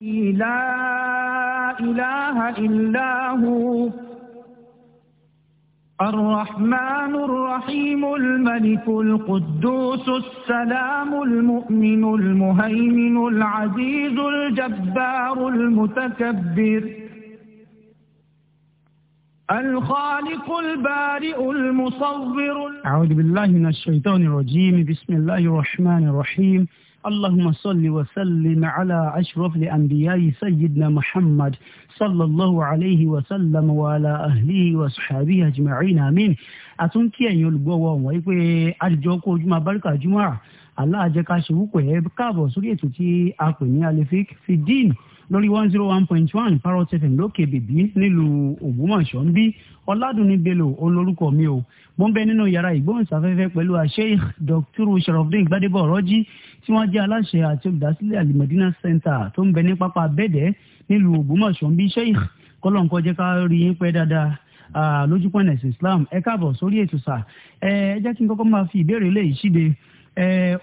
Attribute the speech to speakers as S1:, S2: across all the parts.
S1: لا إله إلا هو الرحمن الرحيم الملك القدوس السلام المؤمن المهيمن العزيز الجبار المتكبر الخالق البارئ المصور أعوذ بالله من الشيطان الرجيم بسم الله الرحمن الرحيم اللهم صل وسلم على أشرف الأنبياء سيدنا محمد صلى الله عليه وسلم وعلى أهله وصحبه أجمعين آمين àtúntí ẹ̀yin olùgbọ́wọ́ wọ̀nyí pé àjọ kó ojúmọ́ abáríkà jùmọ̀ aláàjẹká ṣòwò pẹ̀ ẹ́ káàbọ̀ sórí ètò tí a pè ní alifik fidin lórí one zero one point one parrot fm lókè bèbí nílùú ògbómọ̀ṣọ́ ń bí ọládùnní bello olórúkọ mi o mo ń bẹ nínú yàrá ìgbóhùnsáfẹ́fẹ́ pẹ̀lú sheikh dr sharafdin gbadebo ọ̀rọ́jì tí wọ́n jẹ́ aláṣẹ àti olùdásílẹ̀ alimọ̀dínà center tó ń bẹ ní pápá bẹ́ẹ̀dẹ́ nílùú ògbómọ̀ṣọ́ ń bí sheikh kọ́lọ́nkọ́ jẹ́ ká rí yín pẹ́ dáadáa lójú pọ̀nà ẹ̀sìn islam ẹ káàbọ̀ sórí ètò sà ẹ jẹ́ kí n kọ́kọ́ máa fi ìbéèrè lè ṣíde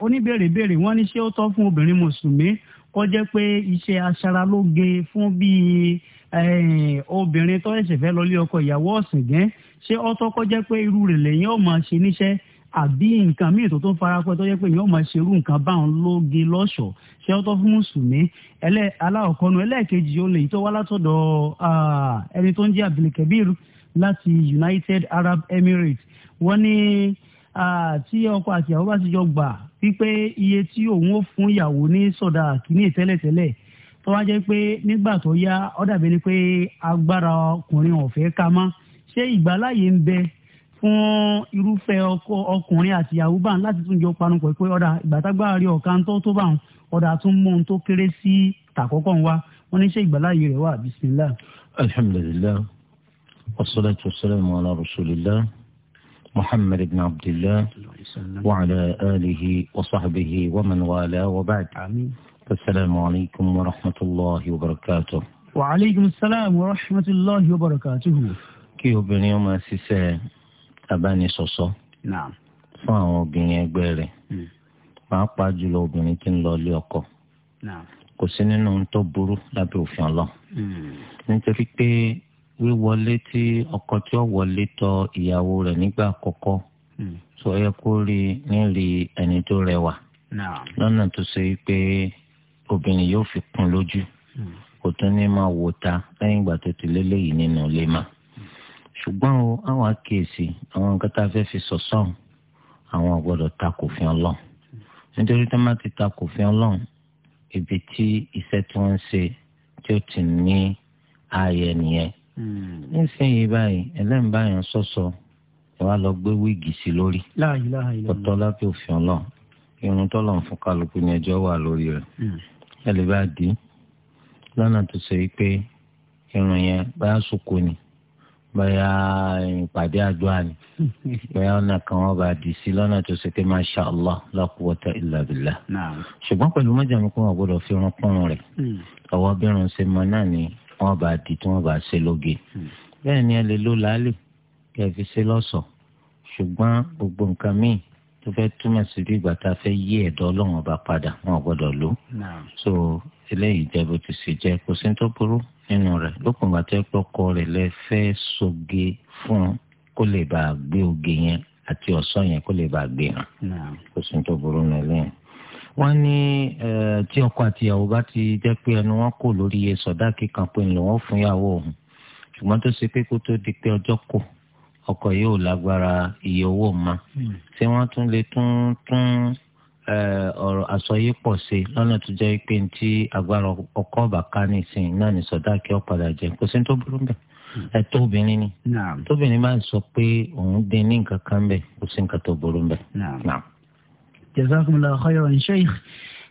S1: oníbèrè béèrè wọ́n ní ṣé ó tọ́ fún obìnrin mùsùlùmí kó jẹ́ pé iṣẹ́ aṣaralóge fún bíi eh, obìnrin tó ẹ̀sẹ̀ fẹ́ lọ lé ọkọ ìyàwó ọ̀sìn gẹ́ ṣé ọtọ́ kó jẹ́ pé irú rẹ̀ lẹ́yìn ọ̀ máa ṣe níṣẹ́ àbí nǹkan míì tó tó ń farapẹ́ tó jẹ́ pé èèyàn máa ṣe irú nǹkan báwọn lóge lọ́ṣọ̀ọ́ ṣé ọtọ́ fún mùsùlùmí aláọ̀kọ́nu ẹlẹ́ẹ̀kejì ó lè tó wá látọ̀dọ̀ ẹni tó ń jẹ́ Abdulkabir láti United Arab Emirates wọ́n ní tí ọkọ àti ìyàwó bá ti jọ gbà wípé iye tí òun ó fún ìyàwó ní sọ̀dà kìíní tẹ́lẹ̀tẹ́lẹ̀ tó wá jẹ́ pé nígbà tó yá ó dàbí ni pé agbára ọkùnrin ọ̀fẹ́ ká mọ́ ṣé ìgbàláyè ń bẹ fún irúfẹ́ ọkọ ọkùnrin àti ìyàwó bá ń láti tún jọ panupọ̀ pé ọ̀dà ìgbàtagbára rí ọ̀kan tó tó bá ń ọ̀dà tún mú un tó kéré sí tàkọ́kọ́ ń wá wọn ní ṣé ìgbàláyè rẹ̀ wà bisimilá.
S2: alhamdulilayi wasalaatu wasalaamu ala rasulillah. محمد بن عبد الله وعلى آله وصحبه ومن والاه وبعد السلام عليكم ورحمة الله وبركاته
S1: وعليكم السلام ورحمة الله وبركاته
S2: kí obìnrin máa ṣiṣẹ́ abánisọ̀sọ́ fún àwọn obìnrin ẹgbẹ́ rẹ̀ hmm. pàápàá jùlọ obìnrin tí ń lọ ilé ọkọ kò sí nínú tó burú lábẹ́ òfin ọlọ́ hmm. nítorí pé wíwọlé tí ọkọ tí ó wọlé tọ ìyàwó rẹ̀ nígbà àkọ́kọ́ hmm. sọ yẹ kó rí nírí ẹni tó rẹwà lọ́nà tó ṣe pé obìnrin yóò fi kún lójú hmm. kò tún ní máa wò ta lẹ́yìn ìgbà tó ti lélẹ́yìí nínú ilé máa ṣùgbọ́n o àwọn akéèsì àwọn nǹkan tá a fẹ́ fi sọ̀sọ́n àwọn gbọ́dọ̀ ta kò fi ọlọ́run nítorí tó má ti ta kò fi ọlọ́run ibi tí iṣẹ́ tí wọ́n ń ṣe tí ó ti ní ààyè nìyẹn Hmm. nísìnyí báyìí ẹlẹ́nbàyàn sọ̀sọ̀ ẹ wá lọ gbé wíìgì sí lórí ọ̀tọ̀ lábẹ́ òfin ọlọ́ irun tọ́lọ̀ fún kálukú ni ẹjọ́ wà lórí rẹ̀ hmm. ẹ lè bá dín lọ́nà tó ṣe wípé irun yẹn báyà sóko ni báyà ìpàdé àdúrà ni hmm. báyà ọ̀nà kan wọn bá dì sí lọ́nà tó ṣe pé masha allah la quwwata illa billah ṣùgbọ́n pẹ̀lú mọ́jà mi kó wọn gbọ́dọ̀ fi irun kún un rẹ̀ ọwọ́ bí irun ṣe mọ náà ni wọ́n bá di tí wọ́n bá ṣe lóge hmm. bẹ́ẹ̀ ni ẹ lè lo làálì kí ẹ fi ṣe lọ́ṣọ̀ọ́ ṣùgbọ́n gbogbo nǹkan míì tó fẹ́ túmọ̀ sí bí ìgbà tá a fẹ́ yí ẹ̀dọ́ ọlọ́run ọba padà wọn ò gbọ́dọ̀ lò so eléyìí jẹ́ bó ti ṣe jẹ́ kò sí tó burú nínú rẹ̀ lókun bàtẹ́ pọ́kọ rẹ̀ lẹ fẹ́ soge fún un kó lè bàa gbé oge yẹn àti ọ̀sán yẹn kó lè bàa gbé hàn kò sí tó burú nínú eléyìí. wọ́n ní tí ọkọ àti ìyàwó bá ti jẹ́ pé ẹnu wọn kò lórí iye sọ̀dáàkì kan pé ńlọ fún ìyàwó òun ṣùgbọ́n tó ṣe pé kó tó di pé ọjọ́ kò ọkọ yóò lágbára iye owó ma hmm. ṣe wọ́n tún lè tún tún ṣe lọ́nà tó jẹ́ pé agbára ọkọ ọba ká náà ní ọ̀padà jẹ tó burú hmm. obìnrin
S1: jazakumullahu khairan sheikh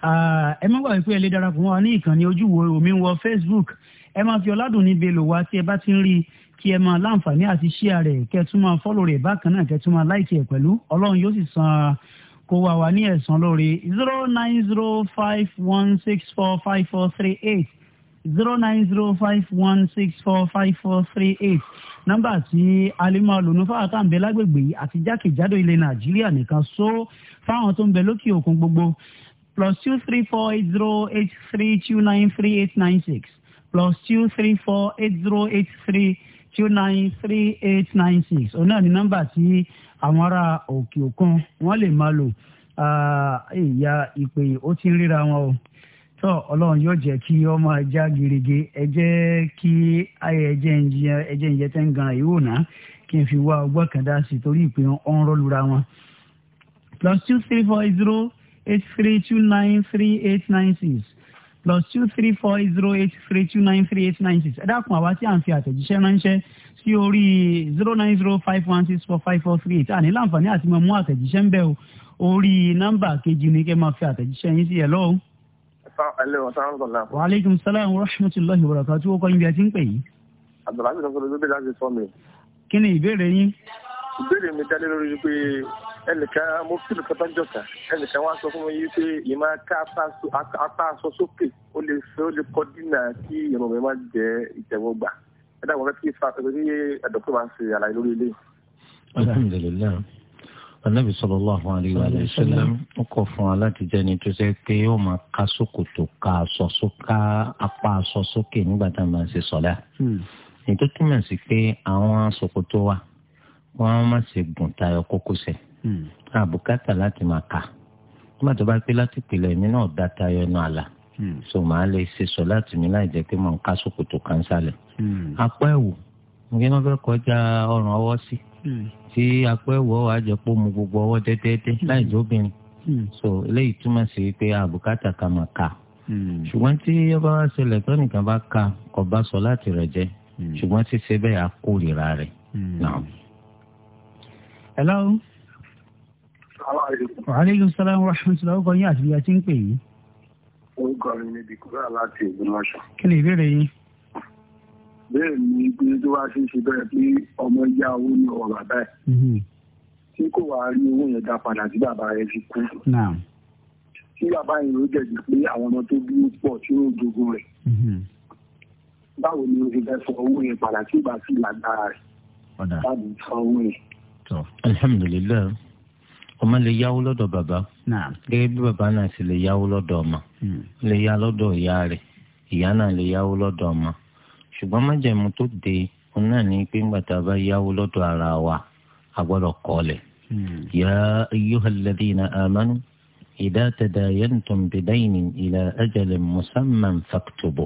S1: ẹ má gbàgbé pé ẹ lè darapọ̀ wọn ní ìkànnì ojú wo omi wọ facebook ẹ máa fi ọ̀làdùn níbi èlò wa tí ẹ bá ti ń rí i kí ẹ máa láǹfààní àti ṣíà rẹ̀ kẹ́ tún máa fọ́lò rẹ̀ bákan náà kẹ́ máa láìkì ẹ̀ pẹ̀lú ọlọ́run yóò sì san kó wa wà ní ẹ̀san lóore zero nine zero five one six four five four three eight zero nine zero five one six four five four three eight nọ́mbà tí alimọ olùnúfà kàǹbẹ lágbègbè àti jákèjádò ilẹ̀ nàìjíríà nìkan so fáwọn tó ń bẹ lókè òkun gbogbo plus two three four eight zero eight three two nine three eight nine six plus two three four eight zero eight three two nine three eight nine six òun náà ni nọ́mbà tí àwọn ará òkè òkun wọ́n lè máa lò ah, ìyá ìpè ó ti ríra wọn o tó ọlọ́run yóò jẹ́ kí ọmọ ajá gerege ẹ jẹ́ kí ayẹ ẹjẹ́ ń jẹ tẹ́ ń gan ìwò náà kí n fi wá ọgbọ́n kan dá sí torí ìpè ọ̀nrọ̀ lura wọn. plus two three four zero eight three two nine three eight nine six plus two three four zero eight three two nine three eight nine six ẹ dákun àwa tí à ń fi àtẹ̀jíṣẹ́ ránṣẹ́ sí orí zero nine zero five one six four five four three eight àní láǹfààní àti mọ̀ mú àtẹ̀jíṣẹ́ ń bẹ̀ o orí nọ́mbà kejì ni kẹ́ máa fi àtẹ̀jíṣẹ́ yín sí ẹ̀ lọ́wọ́ wa aleykum salaam wa rahmatulahi wa barakatu o kọ́ ibi àti ń pè yìí.
S3: abdulhasi kan sọ̀rọ̀ gbẹdẹ láti sọ mi.
S1: kí ni ìbéèrè yín.
S3: ìbéèrè mi dá lé lórí pé ẹnìkan mo fi lè kọtà jọta ẹnìkan wá sọ fún mi yìí pé ìmọ̀ ká apá aṣọ sókè ó lè fẹ́ ó lè kọ́ dínà kí ìrọ̀ mi má jẹ́ ìtẹ̀wọ́gbà ẹ dàgbọ́n fẹ́ kí ẹ̀dọ̀kọ̀
S2: anabi sallallahu alayhi wa sallam ó kọ̀ fún wa láti jẹ́ ni tó ṣe pé yóò máa ká sókòtò ká aṣọ sókà apá aṣọ sókè nígbà tá a máa ṣe sọlá ní hmm. tó túmọ̀ sí pé àwọn sòkòtò wa wọ́n á má ṣe gùn tayọ kókósẹ̀ àbùkátà hmm. láti máa kà nígbà tó bá pé láti pìlẹ̀ èmi náà dá tayọ ẹnu àlà hmm. so màá lè ṣe sọ láti mi láì jẹ́ pé mò ká sókòtò kan sálẹ̀ apá ẹ̀wù nǹkan náà fẹ́ kọjá ọrùn ọwọ́ sí hmm. tí apẹ́wọ̀ àjẹpọ̀ mu gbogbo ọwọ́ dẹ́dẹ́dẹ́ hmm. láì lóbìnrin hmm. so eléyìí túmọ̀ sí pé àbùkátà kà máa kà ṣùgbọ́n tí ọba wa ṣẹlẹ̀ tó nìkan bá ka kò bá sọ láti rẹ̀ jẹ́ ṣùgbọ́n ṣíṣe bẹ́ẹ̀ á kórìíra rẹ̀ náà. hello. wa aleykum salaam
S1: wa rahmatulah ọkọ yín àti ìyá tí ń pè yín.
S3: orúkọ mi ni bikura bẹ́ẹ̀ ni pé tó wá ṣe é ṣe bẹ́ẹ̀ pé ọmọ yá owó ní ọ̀rọ̀ bàbá ẹ̀ mm-hmm. tí kò wá rí owó yẹn dá padà tí bàbá rẹ̀ fi kú tí bàbá yẹn ló jẹ̀bi pé àwọn ọmọ tó bí pọ̀ tí ó jogun rẹ̀ mm-hmm. báwo ni o ti fẹ́ sọ owó yẹn padà tí ìgbà sí lágbára rẹ̀ láti
S4: sọ owó yẹn.
S2: alhamdulilayi ọmọ lè yáwó lọ́dọ̀ bàbá gẹ́gẹ́ bí bàbá náà sì lè yáwó lọ́dọ̀ ọmọ mm. lè yá lọ́dọ̀ ìyá rẹ̀ ìyá náà lè yáwó lọ́dọ̀ ọmọ ṣùgbọ́n májẹ̀mú tó de òun náà ní pé ńgbà tá a bá yáwó lọ́dọ̀ ara wa a gbọ́dọ̀ kọ́lẹ̀.
S4: Hmm. ya
S2: ayyuhal ladhina amanu idha tadayantum bidaynin ìlà ajalin musamman faktubu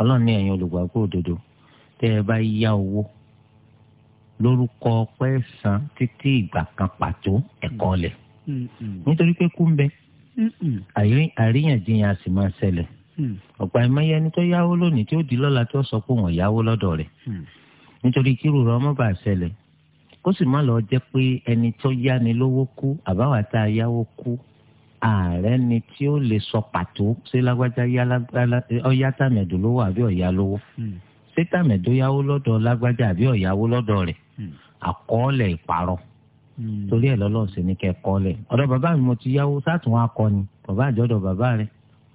S2: ọlọ́run ní ẹ̀yin olùgbàgbọ́ òdodo tẹ́ ẹ bá yá owó lórúkọ san títí ìgbà kan pàtó hmm. Hmm, nítorí pé kú ń bẹ àríyànjiyàn a Hmm. ọ̀pọ̀ àìmọye ẹni tó yáwó lónìí tí ó di lọ́la tí ó sọ pé wọ́n yáwó lọ́dọ̀ rẹ̀ hmm. nítorí kírù rẹ̀ ọmọ bá ṣẹlẹ̀ kó sì má lọ jẹ́ pé ẹni tó yáni lówó kú àbáwá tá a yáwó kú ààrẹ ni tí ó lè sọ pàtó ṣé lágbájá ọyá tàmẹ̀dò lówó àbí ọ̀yá lówó hmm. ṣé tàmẹ̀dò yáwó lọ́dọ̀ lágbájá àbí ọ̀yáwó lọ́dọ̀ rẹ̀ àkọọ́lẹ̀ ìparọ́ torí ẹ̀ lọ́lọ́ọ̀sẹ̀ ní kẹ́kọ́ọ́lẹ̀ ọ̀dọ̀ bàbá mi mo ti yáwó sátùn akọni bàbá àjọ́dọ̀ bàbá rẹ̀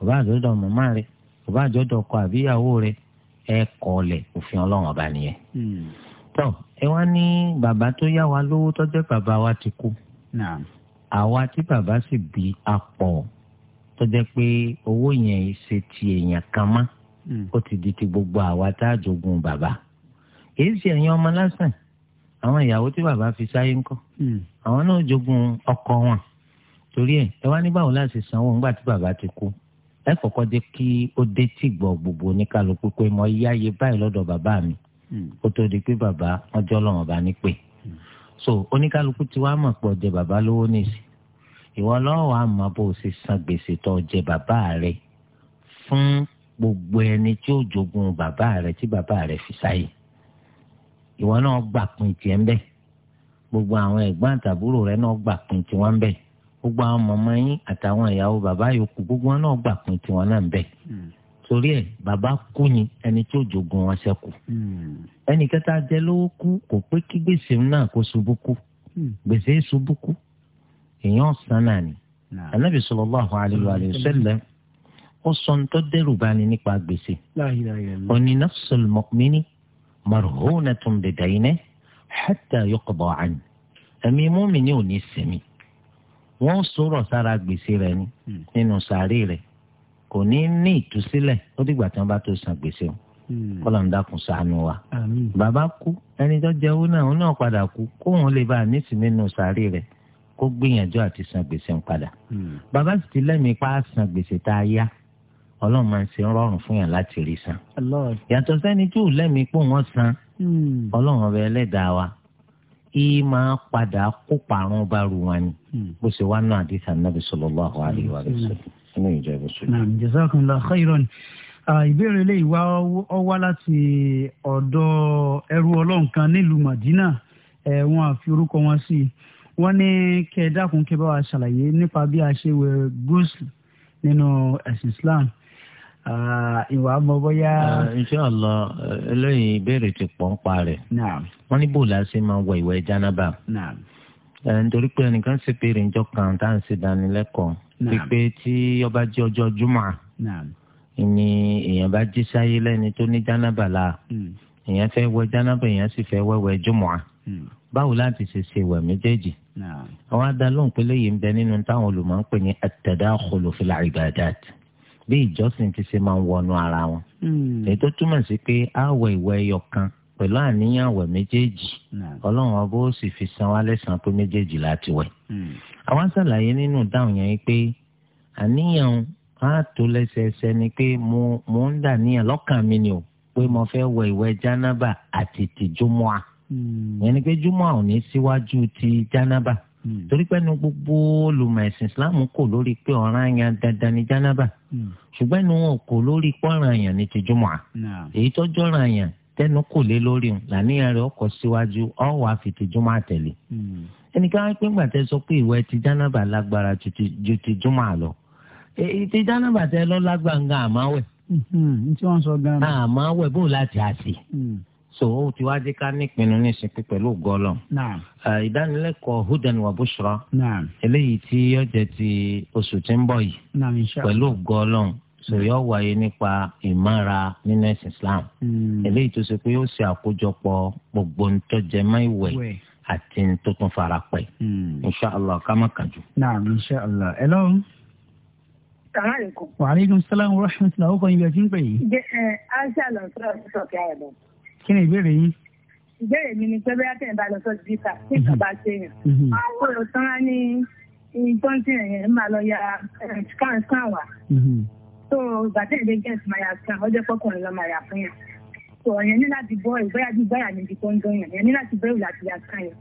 S2: ọba àjọ̀dọ̀ màmá rẹ ọba àjọ̀dọ̀ ọkọ àbíyàwó rẹ ẹ kọlẹ̀ òfin ọlọ́run ọba nìyẹn. Hmm. tọ́ ẹ wá ní bàbá tó yá wa lówó tó bàbá wa ti kú. àwa tí bàbá sì bí a pọ̀ tó pé owó yẹn ṣe ti èèyàn kan mọ́ hmm. ó ti di ti gbogbo àwa tá a jogun bàbá. èyí sì ẹ̀yin ọmọ lásán àwọn ìyàwó tí bàbá fi sáyé ńkọ́ hmm. àwọn náà jogun ọkọ wọn torí ẹ ẹ wá ní báwo láti sanwó ńgbà tí bàbá ti kú ẹ kọ́kọ́ jẹ́ kí ó dé tì gbọ́ gbogbo oníkálukú pé mo yáyé báyìí lọ́dọ̀ bàbá mi hmm. ó tó di pé bàbá wọn jọ́ bá ní hmm. so oníkálukú ti wá mọ̀ pé ọjẹ́ bàbá lówó nìsí ìwọ lọ́wọ́ àmọ́ bó o ṣe san gbèsè tó ọjẹ́ bàbá rẹ fún gbogbo ẹni tí ó jogun bàbá rẹ tí bàbá rẹ fi sáyé ìwọ náà gbà pin tiẹ̀ ń bẹ̀ gbogbo àwọn ẹ̀gbọ́n àtàbúrò rẹ náà gbà pin tiwọn ń bẹ̀ gbogbo àwọn màmá yín àtàwọn ìyàwó bàbá yòókù gbogbo wọn náà gbà pin tiwọn náà bẹ hmm. torí ẹ bàbá kú ni ẹni tí ó jogun wọn ṣẹ́kù hmm. ẹnì kẹta jẹ lówó kú kò pé kí gbèsè náà kó ṣubú kú hmm. gbèsè ṣubú kú èèyàn san náà ni anabi sallallahu alayhi wa sallam ó sọ ń tọ́ dẹ́rù báni nípa gbèsè oní nafsul mu'mini marhunatun bidaynihi hatta yuqda anhu ẹ̀mí mọ́mí ni ò ní sẹ́mi wọ́n sọ̀rọ̀ sára gbèsè rẹ̀ ni hmm. nínú sàárè rẹ̀ kò ní ní ìtúsílẹ̀ ó dìgbà tí wọ́n bá tó san gbèsè o hmm. kọ́lọ́n dákun ṣàánú wa. bàbá kú ẹni tó jẹ owó náà òun náà padà kú kóun lè bá a nísìmí nínú sàárè rẹ̀ kó gbìyànjú àti san gbèsè ń padà. Hmm. bàbá sì ti lẹ́mìí pa san gbèsè tá a yá ọlọ́run máa ń ṣe rọrùn fún yàn láti rí san. yàtọ̀ sẹ́ni tí ò lẹ́mìí pò wọ́n san ọlọ́run ọbẹ̀ ẹlẹ́dàá wa kí máa padà kó parun bá ru wọn ni hmm. bó ṣe wá náà àdìsá nàbì sallallahu alaihi wa sallam hmm. inú ìjọ ìbò sọlọ.
S1: naam jazakumullahu khairan ìbéèrè eléyìí wá ọ wá láti ọ̀dọ̀ ẹrú ọlọ́run kan nílùú Madina ẹ̀ wọ́n á fi orúkọ wọn sí i wọ́n ní kẹ́ ẹ dákun kẹ́ bá wa ṣàlàyé nípa bí a ṣe wẹ̀ gúúsù nínú ẹ̀sìn Islam. Ah, ìwà ọmọ bóyá. Ah,
S2: inṣàlá eléyìí ìbéèrè ti pọ̀ ń pa rẹ̀. wọ́n ní bòlá ṣe máa wọ ìwẹ̀ jánábà. Eh, nítorí pé ẹnìkan ṣe pé ìrìnjọ kan tá à ń ṣe dánilẹ́kọ̀ọ́. pípé tí ọba jẹ́ ọjọ́ júmọ̀ ni èèyàn bá jí sáyé lẹ́ni tó ní jánábà la hmm. èèyàn fẹ́ wẹ̀ jánábà èèyàn sì fẹ́ wẹ̀wẹ̀ júmọ̀ hmm. báwo láti ṣe ṣe ìwẹ̀ méjèèjì. àwọn adalóhùn pélé yìí ń bẹ bí ìjọsìn ti ṣe máa ń wọnú ara wọn. Hmm. èyí tó túmọ̀ sí pé àwẹ̀ ìwẹ̀ ẹyọ kan pẹ̀lú àníyàn àwẹ̀ méjèèjì hmm. ọlọ́run ọba ó sì fi san wá lẹ́sàn-án pé méjèèjì láti wẹ̀. àwọn hmm. ṣàlàyé nínú dáhùn yẹn pé àníyàn á tó lẹ́sẹẹsẹ ni pé mo ń dà níyàn lọ́kàn mi ni o pé mo fẹ́ wẹ̀ ìwẹ̀ jánábà àti tìjúmọ́à. yẹn ni pé júmọ́à ò ní síwájú ti jánábà. Hmm. torí pé nu gbogbo olùmọ̀ ẹ̀sìn islam kò lórí pé ọ̀ràn yẹn dandan ní jánábà hmm. ṣùgbọ́n ẹnu wọn kò lórí pé ọ̀ràn yẹn ní tìjúmọ̀à èyí tọ́jú ọ̀ràn yẹn tẹnu kò lé lórí òun làníyàn rẹ ọkọ̀ síwájú ọ̀wà fi tìjúmọ̀ àtẹ̀lé hmm. ẹnìkan wípé ńgbà tẹ sọ pé ìwẹ̀ ti jánábà lágbára ju tìjúmọ̀ àlọ́ èyí ti jánábà tẹ lọ́ lágbàǹgà àmáwẹ̀ àmáwẹ̀ bó láti àṣì so ó ti wá dé ká nípinnu nísìn pé pẹ̀lú gọlọ. ìdánilẹ́kọ̀ọ́ hudan wa bushra eléyìí tí yóò jẹ́ ti oṣù tí ń bọ̀
S1: yìí pẹ̀lú
S2: gọlọ so yóò wáyé nípa ìmọ̀ra nínú ẹ̀sìn islam
S1: hmm. eléyìí
S2: tó ṣe pé ó ṣe àkójọpọ̀ gbogbo ntọ́jẹmọ́ ìwẹ̀ àti ntótó farapẹ̀ hmm. inshàlá ká má kánjú.
S1: naam inshàlá ẹ lọ́run salaam aleykum. wa aleykum salaam wa rahmatulah. o kò ní bí ẹ ń pè yìí. ẹ ẹ
S5: aṣáájú ọ̀sán ọ̀sán kí a
S1: kí ni ìbéèrè yín.
S5: ìbéèrè mi ni pé bóyá tẹ̀yìn bá lọ sọ síbíkà tí kò bá ṣe yàn. máa ń wòrò tán á ní ìgbọ́n tí ẹ̀yìn máa lọ ya eh, scan scan wà. tó gbàtẹ́ ìdè gẹ̀ẹ́sì máa ya scan ọjọ́ fọkùnrin lọ máa yà fún yàn. tó ọ̀yàn ní láti bọ́ ìgbáyà bí ìgbáyà níbi tó ń dán yàn yàn ní láti bẹ́ẹ̀ láti ya scan yàn.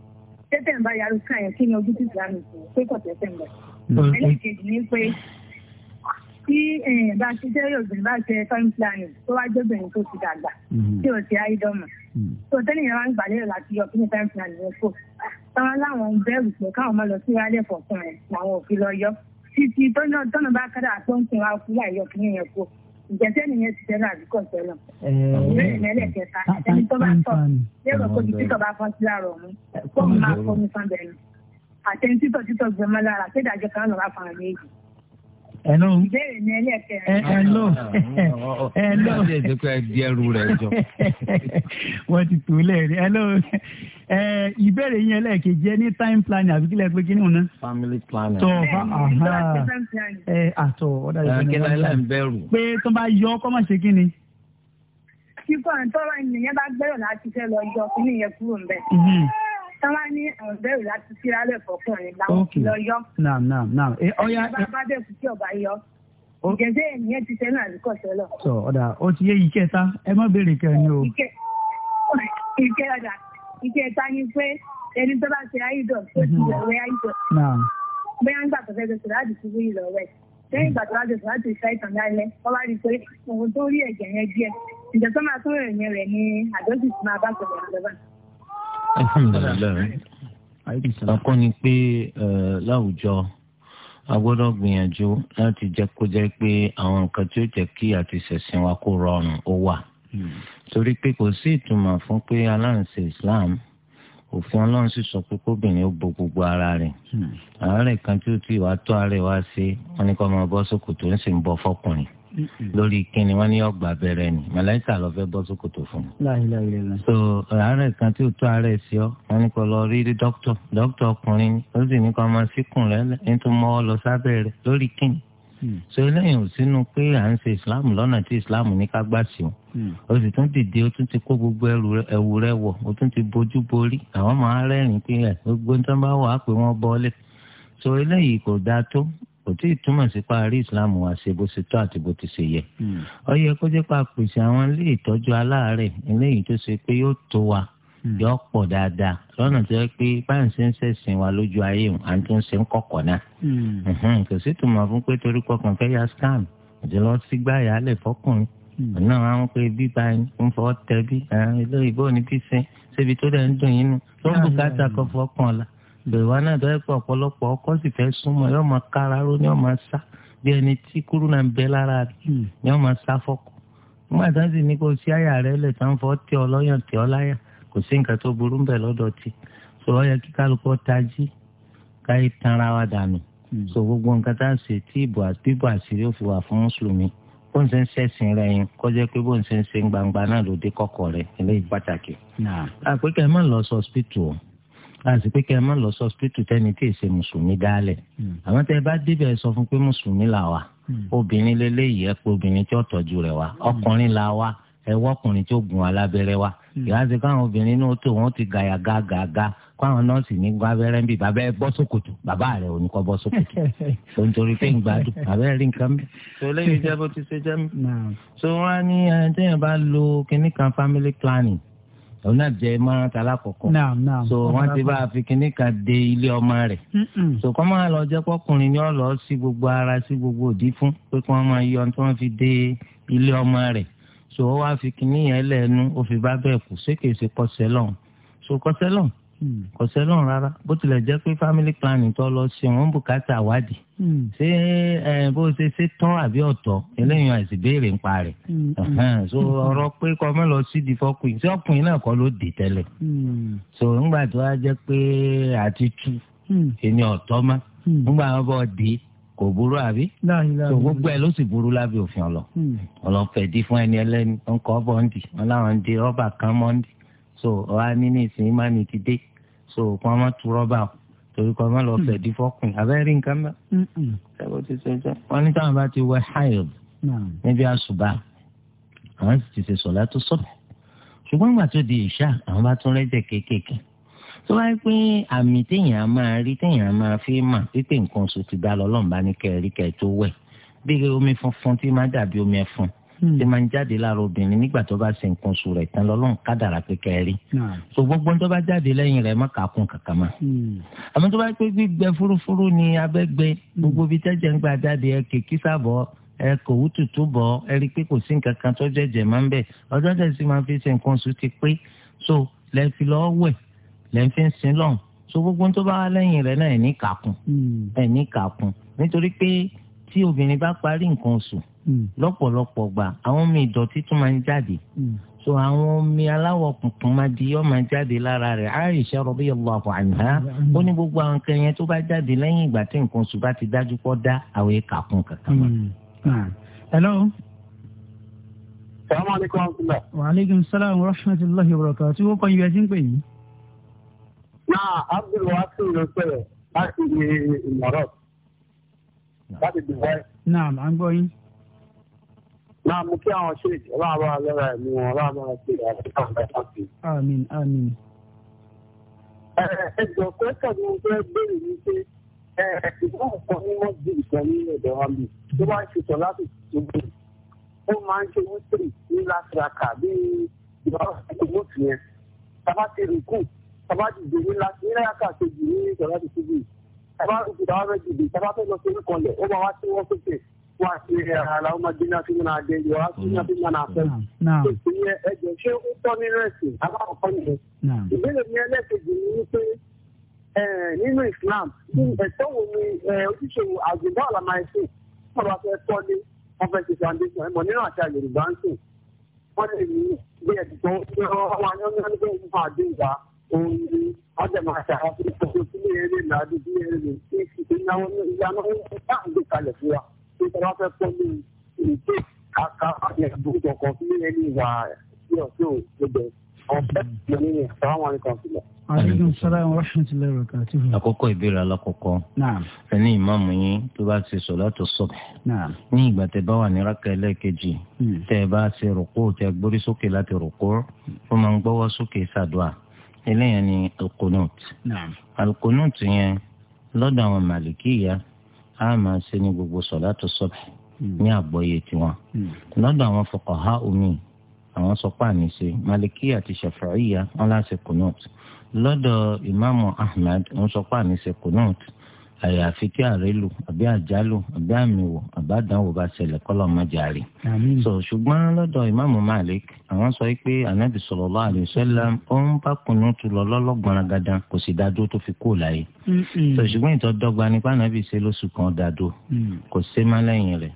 S5: tẹ́tẹ̀ ń bá yarú scan yàn kí ni ojú tí bá a ṣe jẹ́ obìnrin bá ṣe time planning tó wá jẹ́ obìnrin tó ti dàgbà mm-hmm. tí ò ti áìdọ́mù tó tẹ́lẹ̀ yẹn wá ń gbàlérò láti yọ kíni time planning yẹn kò táwọn láwọn ń bẹ̀rù pé káwọn máa lọ sí rálẹ̀ fọ̀kùn rẹ̀ làwọn ò fi lọ yọ títí tọ́nà tọ́nà bá kára àtọ́nkùn wa kú láì yọ kíni yẹn kò ìjẹsẹ́ nìyẹn ti tẹ́lẹ̀ àbíkọ̀ tẹ́lẹ̀
S4: ìrìn ẹlẹ́kẹta ẹni tó bá tọ̀ lérò kó ti títọ̀ bá
S5: fọ́n sí láàrọ̀
S1: Hello. Ìbéèrè mi ẹlẹ́kẹ̀ẹ́. Hello. Ah, ah, ah, oh, oh. Hello. Ṣé ẹ̀jẹ̀
S2: pé di ẹrù rẹ̀ jọ?
S1: Wọ́n ti tó lẹ́ẹ̀rí. Hello. Ìbéèrè yín ẹlẹ́kẹ̀ẹ́ jẹ́ ní time planning àbí kílẹ̀ pé kí ni òun náà?
S2: Family planning. Tọ́
S1: àtọ̀ ọ̀dà ìbẹ̀rẹ̀. Kí láyé láì bẹ̀rù. Pé tó bá yọ ọkọ máa ṣe kí ni?
S5: Kíkọ́ àtọ́rọ̀ ènìyàn bá gbẹ́rọ̀ láti fẹ́ lọ jọ fún ìyẹn kúrò ń bẹ̀. Mhm táwa ní àwọn bẹ̀rù láti fi rálẹ̀ fọkùnrin làwọn fi lọ yọ.
S1: naam naam naam ẹ ọya ẹ bá
S5: bẹ̀ kú tí ọba yọ. ìjẹ́jẹ́ ènìyàn ti sẹ́nu àdúkọ̀ sẹ́lọ̀.
S1: sọ ọ̀dà ó ti yé ìkẹta ẹ má béèrè kẹrin o.
S5: ìkẹ ọ̀dà ìkẹta ni pé ẹni tó bá ṣe àìdọ̀ tó ti lọ wẹ àìdọ̀. bóyá ń gbà tó fẹ́ gbèsè láti fi wí lọ wẹ̀ lẹ́yìn ìgbà tó láti láti ṣe àìsàn lálẹ́ wọ́n rí i pé òun tó rí ẹ̀jẹ̀ yẹn díẹ̀ ìjọsọ́nà tó rẹ̀ yẹn rẹ̀ ni àdójì ti máa bá sọ̀rọ̀ àjọba
S2: alhamdulilayi ọkọ ni pé láwùjọ a gbọ́dọ̀ gbìyànjú láti jẹ́ kó jẹ́ pé àwọn nǹkan tí ó jẹ́ kí àti ṣẹ̀sìn wa kó rọrùn ó wà hmm. torí pé kò sí ìtumọ̀ fún pé aláǹsẹ̀ islam òfin ọlọ́run sì sọ pé kóbìnrin ó bo gbogbo ara rẹ̀ hmm. àárẹ̀ kan tí ó ti wàá tó ara rẹ̀ wá sí wọn ni kó máa bọ́ sókòtò ó sì ń bọ́ fọkùnrin lórí kíni wọ́n ní ọgbà abẹ́rẹ́ ni màláìka lọ fẹ́ bọ́ sókòtò fún un. so àárẹ̀ kan tí ò tó àárẹ̀ sí ọ wọ́n ní kó lọ rí dókítọ̀ dókítọ̀ ọkùnrin ni ó sì ní kó máa síkùn rẹ̀ ní tó mọ́ ọ lọ sábẹ́ rẹ̀ lórí kíni mm. so eléyìí ò sínú pé à ń ṣe islam lọ́nà tí islam ní ká gbà sí o mm. o sì tún dìde o tún ti kó gbogbo ẹ̀wù rẹ wọ̀ o tún ti bójú borí àwọn máa rẹ́rìn pé ẹ̀ gbogbo tó ń bá wà á pé wọ́n bọ́lẹ̀ so eléyìí kò dáa tó kò tí ì túmọ̀ sí pa rí islam wa ṣe bó ṣe tó àti bó ti ṣe yẹ. Hmm. ó yẹ kó jẹ́ pa pèsè àwọn ilé ìtọ́jú aláàárẹ̀ eléyìí tó ṣe pé yóò tó wa hmm. yóò pọ̀ dáadáa lọ́nà tó yẹ pé báyìí ṣe ń ṣẹ̀sìn wa lójú ayé wọn à ń tún ṣe ń kọ̀kọ̀ náà.
S4: Hmm.
S2: kò sí túmọ̀ fún pé torí kọkàn fẹ́ ya scam ìjọba sígbà yálẹ̀ fọkùnrin ọ̀nà àwọn pé bí báyìí ń fọwọ́ tẹ bí ilé ìbò ní bẹ̀rù náà tó yẹ pé ọ̀pọ̀lọpọ̀ ọkọ sì fẹ́ súnmọ́ yóò máa kára ró ni yóò máa sá bí ẹni tí kúrú náà ń lára rẹ̀ ni hmm. yóò máa sá fọ́kọ. nígbà tá a sì ní kó sí àyà rẹ̀ lẹ̀ tá ń fọ́ tẹ ọ lọ́yàn tẹ ọ láyà kò sí nǹkan tó burú ń bẹ̀ lọ́dọ̀ ti sọ yẹ kí kálukú tají káyé tanra wa dànù hmm. so gbogbo nǹkan tá a ṣe tí ìbò bíbò àṣírí ò fi wà fún mùsùlùmí bó ń ṣe ń ṣẹ̀sìn rẹ̀ yẹn kọjá pé bó ń ṣe ń ṣe gbangba náà ló dé kọ́kọ́ rẹ̀ eléyìí pàtàkì. àpèkẹ́ mọ̀ lọ sọ hospital láti pé kẹ́ ẹ má lọ sọ spiritu tẹ́ni tí èsè mùsùlùmí dálẹ̀ hmm. àwọn tẹ́ ẹ bá débẹ̀ sọ fún pé mùsùlùmí là wà hmm. obìnrin lélẹ́yìí ẹ pé obìnrin tí ó tọ́jú rẹ̀ wá hmm. ọkùnrin là wà ẹ wọ́kùnrin tí ó gùn alábẹ́rẹ́ wa ìyáàsí káwọn obìnrin náà tó wọn ti gàyà gàgàgà káwọn nọ́ọ̀sì ní gbọ́ abẹ́rẹ́ ń bì bàbá ẹ bọ́ sókòtò bàbá rẹ̀ ò ní kọ́ bọ́ sókòtò tó ń torí pé ń gbádùn bàbá ẹ rí nǹkan mi. tó lẹ́yìn jẹ́ bó ti ṣe jẹ́ mi. so wọ́n á ní ẹni tí yẹn bá lo kinní kan family planning òun náà jẹ ìmọ̀ràn ta lákòókò so wọ́n ti bá a fi kinní kan de ilé ọmọ rẹ̀ so kọ́ máa jẹ́ kọ́kùnrin ni ó lọ sí gbogbo ara sí gbogbo òdì fún pé kí wọ́n máa yọ ohun tí wọ́n fi de ilé ọmọ rẹ̀ so ó wá fi kinní yẹn lẹ́nu ó bá bẹ́ẹ̀ kù sékèèsè kọ́sẹ́lọ́n so kọ́sẹ́lọ́n ọ̀sẹ̀ hmm. lọ́run rárá bó tilẹ̀ jẹ́ pé family planning tó lọ sí wọn bùkátà wádìí hmm. ṣé bó ṣe ṣe tọ́ àbí ọ̀tọ̀ eléyìí àìsí béèrè ń parẹ́
S4: hmm. so
S2: ọ̀rọ̀ pé kọ́mọ́ lọ sí di fọkùnrin tí ọkùnrin náà kọ́ ló dé tẹ́lẹ̀ so ńgbà tó wá jẹ́ pé àti tú èmi ọ̀tọ́ má ńgbà wọn bọ̀ dé kò burú àbí. tó gbogbo ẹ ló sì burú lábẹ́ òfin ọlọ. ọlọpẹ dí fún ẹni ẹlẹni ọkọ bọndì ọláwọn dé rọba kan mọndì so ọha nínú ìsìn ìmánì ti dé so kí wọ́n má tu rọ́bà torí kí wọ́n má lọ hmm. fẹ̀dí fọ́kùn abẹ́rẹ́ nǹkan bá. wọ́n ní táwọn bá ti wẹ hayo níbi àṣùbà àwọn sì ti ṣe sọ̀lá tó sọ̀bẹ̀ ṣùgbọ́n ìgbà tó di ìṣá àwọn bá tún rẹ́jẹ̀ kéékèèké tó bá yẹ pé àmì téèyàn á máa rí téèyàn á máa fi mà pípé nǹkan oṣù ti dá lọ lọ́nba ní kẹrí kẹ tó wẹ̀ bí omi funfun tí má dàbí omi ẹ̀fọn ṣe hmm. máa ń jáde lára obìnrin nígbà tó bá ṣe nǹkan oṣù rẹ̀ tán lọ́lọ́run kádàrà pé kẹrí so gbogbo tó bá jáde lẹ́yìn rẹ̀ má kà á kún kàkà má. Hmm. àmọ́ tó bá pé gbígbẹ fúrúfúrú ni abẹ́gbẹ hmm. gbogbo ibi tẹ́jẹ̀ ń gbà jáde ẹ kìkì sábọ̀ ẹ kò wú tutù bọ̀ ẹ rí pé kò sí nǹkan kan tó jẹ̀jẹ̀ máa ń bẹ̀ ọjọ́ tẹ̀sí máa fi ṣe nǹkan oṣù ti pé so lẹ́ẹ̀fi lọ́ọ́ wẹ̀ lẹ́ẹ̀fi ń sin lọ́hùn so gbogbo tó bá wá lẹ́yìn rẹ̀ náà ẹ̀ ní kàkún ẹ̀ ní kàkún nítorí pé tí obìnrin bá parí nǹkan oṣù Mm. lọ́pọ̀lọpọ̀ gbà àwọn omi ìdọ̀tí tún máa ń jáde mm. so àwọn omi aláwọ̀ kùnkùn máa di yọ́ máa jáde lára rẹ̀ Aisha radiyallahu anha ó ní gbogbo àwọn kẹyìn tó bá jáde lẹ́yìn ìgbà tí nǹkan oṣù bá ti dájú pọ̀ dá àwọn ẹ̀ka kún kankan mọ́. Mm. Ah. hello.
S1: aleykum salaam wa rahmatulahi wa barakatuh tí wọ́n kọ́ ibi ẹtí ń pè yìí.
S3: náà abdul wasu ló pẹ̀lẹ́ láti ìmọ̀ràn láti dùbọ̀.
S1: náà à ń gbọ́ yín
S3: máa mú kí àwọn ṣèjì ọlọ́àbá lọ́ra ẹ̀mí wọn ọlọ́àbá ṣe àtúntà láti.
S1: àmín àmín.
S3: ẹjọ pẹ́sà ni mo fẹ́ béèrè ní pé ìwọ́n kan ní wọ́n bí nǹkan ní ọ̀dọ̀ wa mi tó bá ń ṣètò láti ṣubú ó máa ń ṣe wípé ní lásìràkà bí ìwọ́n ìwọ́n ti yẹn tàbá ti rìn kù tàbá ti dè ní lásìràkà kejì ní ìjọba ti ṣubú tàbá ti dàwọn fẹ́ dìde tàbá fẹ́ lọ sí orí kan lẹ̀ aláwọ̀má jìnnà tí mo náà dé yọ ni Islam ẹ̀tọ́ wo ni ojúṣe àjùbọ̀ àlàmà ẹ̀sìn wọ́n bá fẹ́ kọ́lé wọ́n fẹ́ ṣe foundation ẹ̀mọ́ nínú àṣà Yorùbá ń sìn wọ́n lè ní bí ẹ̀sìn tó ń ṣe ọmọ anyọ́nyọ́nyọ́ ń fa àdéhùwá òun ni ọ̀dẹ̀mọ̀ àṣà àfihàn tó ní pé tí wọ́n fẹ́ ìṣe kàkà àti àbújọ kan sí ẹni ìwà sí ọ̀sẹ̀ òṣèlú ọ̀bẹ́ ìṣẹ̀lẹ̀ ní ìṣàwọn àríkàn sílẹ̀.
S2: aleykum
S1: salaam wa rahmatulahi wa barakatuhu.
S2: àkọ́kọ́ ìbéèrè alákọ̀ọ́kọ́. ẹni ìmáàmù yín tó bá ti sọ láti sọ. ní ìgbà tẹ́ bá wà ní rákà ẹlẹ́ẹ̀kejì hmm. tẹ́ ẹ bá ti rùkú tẹ́ gbórí sókè láti rùkú ó máa ń gbọ́wọ́ sókè ṣàdúà eléyàn ni alqunut. alqunut yẹn lọ́dọ̀ àwọn màlìkì yẹn a máa ṣe ní gbogbo sọ̀látù sọ́bì hmm. ní àgbọ́yé tiwọn. Hmm. lọ́dọ̀ àwọn fuqaha omi àwọn sọ pé ṣe maliki àti shafi'iya wọn láṣẹ kunut lọ́dọ̀ ìmáàmù ahmed wọn sọ pé ṣe kunut àyàfi kí àrélù àbí àjálù àbí àmìwò àbádànwò bá ṣẹlẹ̀ kọ́lọ̀ má jàre. so ṣùgbọ́n lọ́dọ̀ ìmáàmù Malik àwọn sọ pé anabi sallallahu alaihi wasallam ó ń bá kùnú tu lọ lọ́lọ́gbọ̀nrán gàdán kò sì dádó tó fi kú láyé. so ṣùgbọ́n ìtọ́dọ́gba nípa anabi ṣe lóṣù kan dádó mm. kò ṣe má lẹ́yìn rẹ̀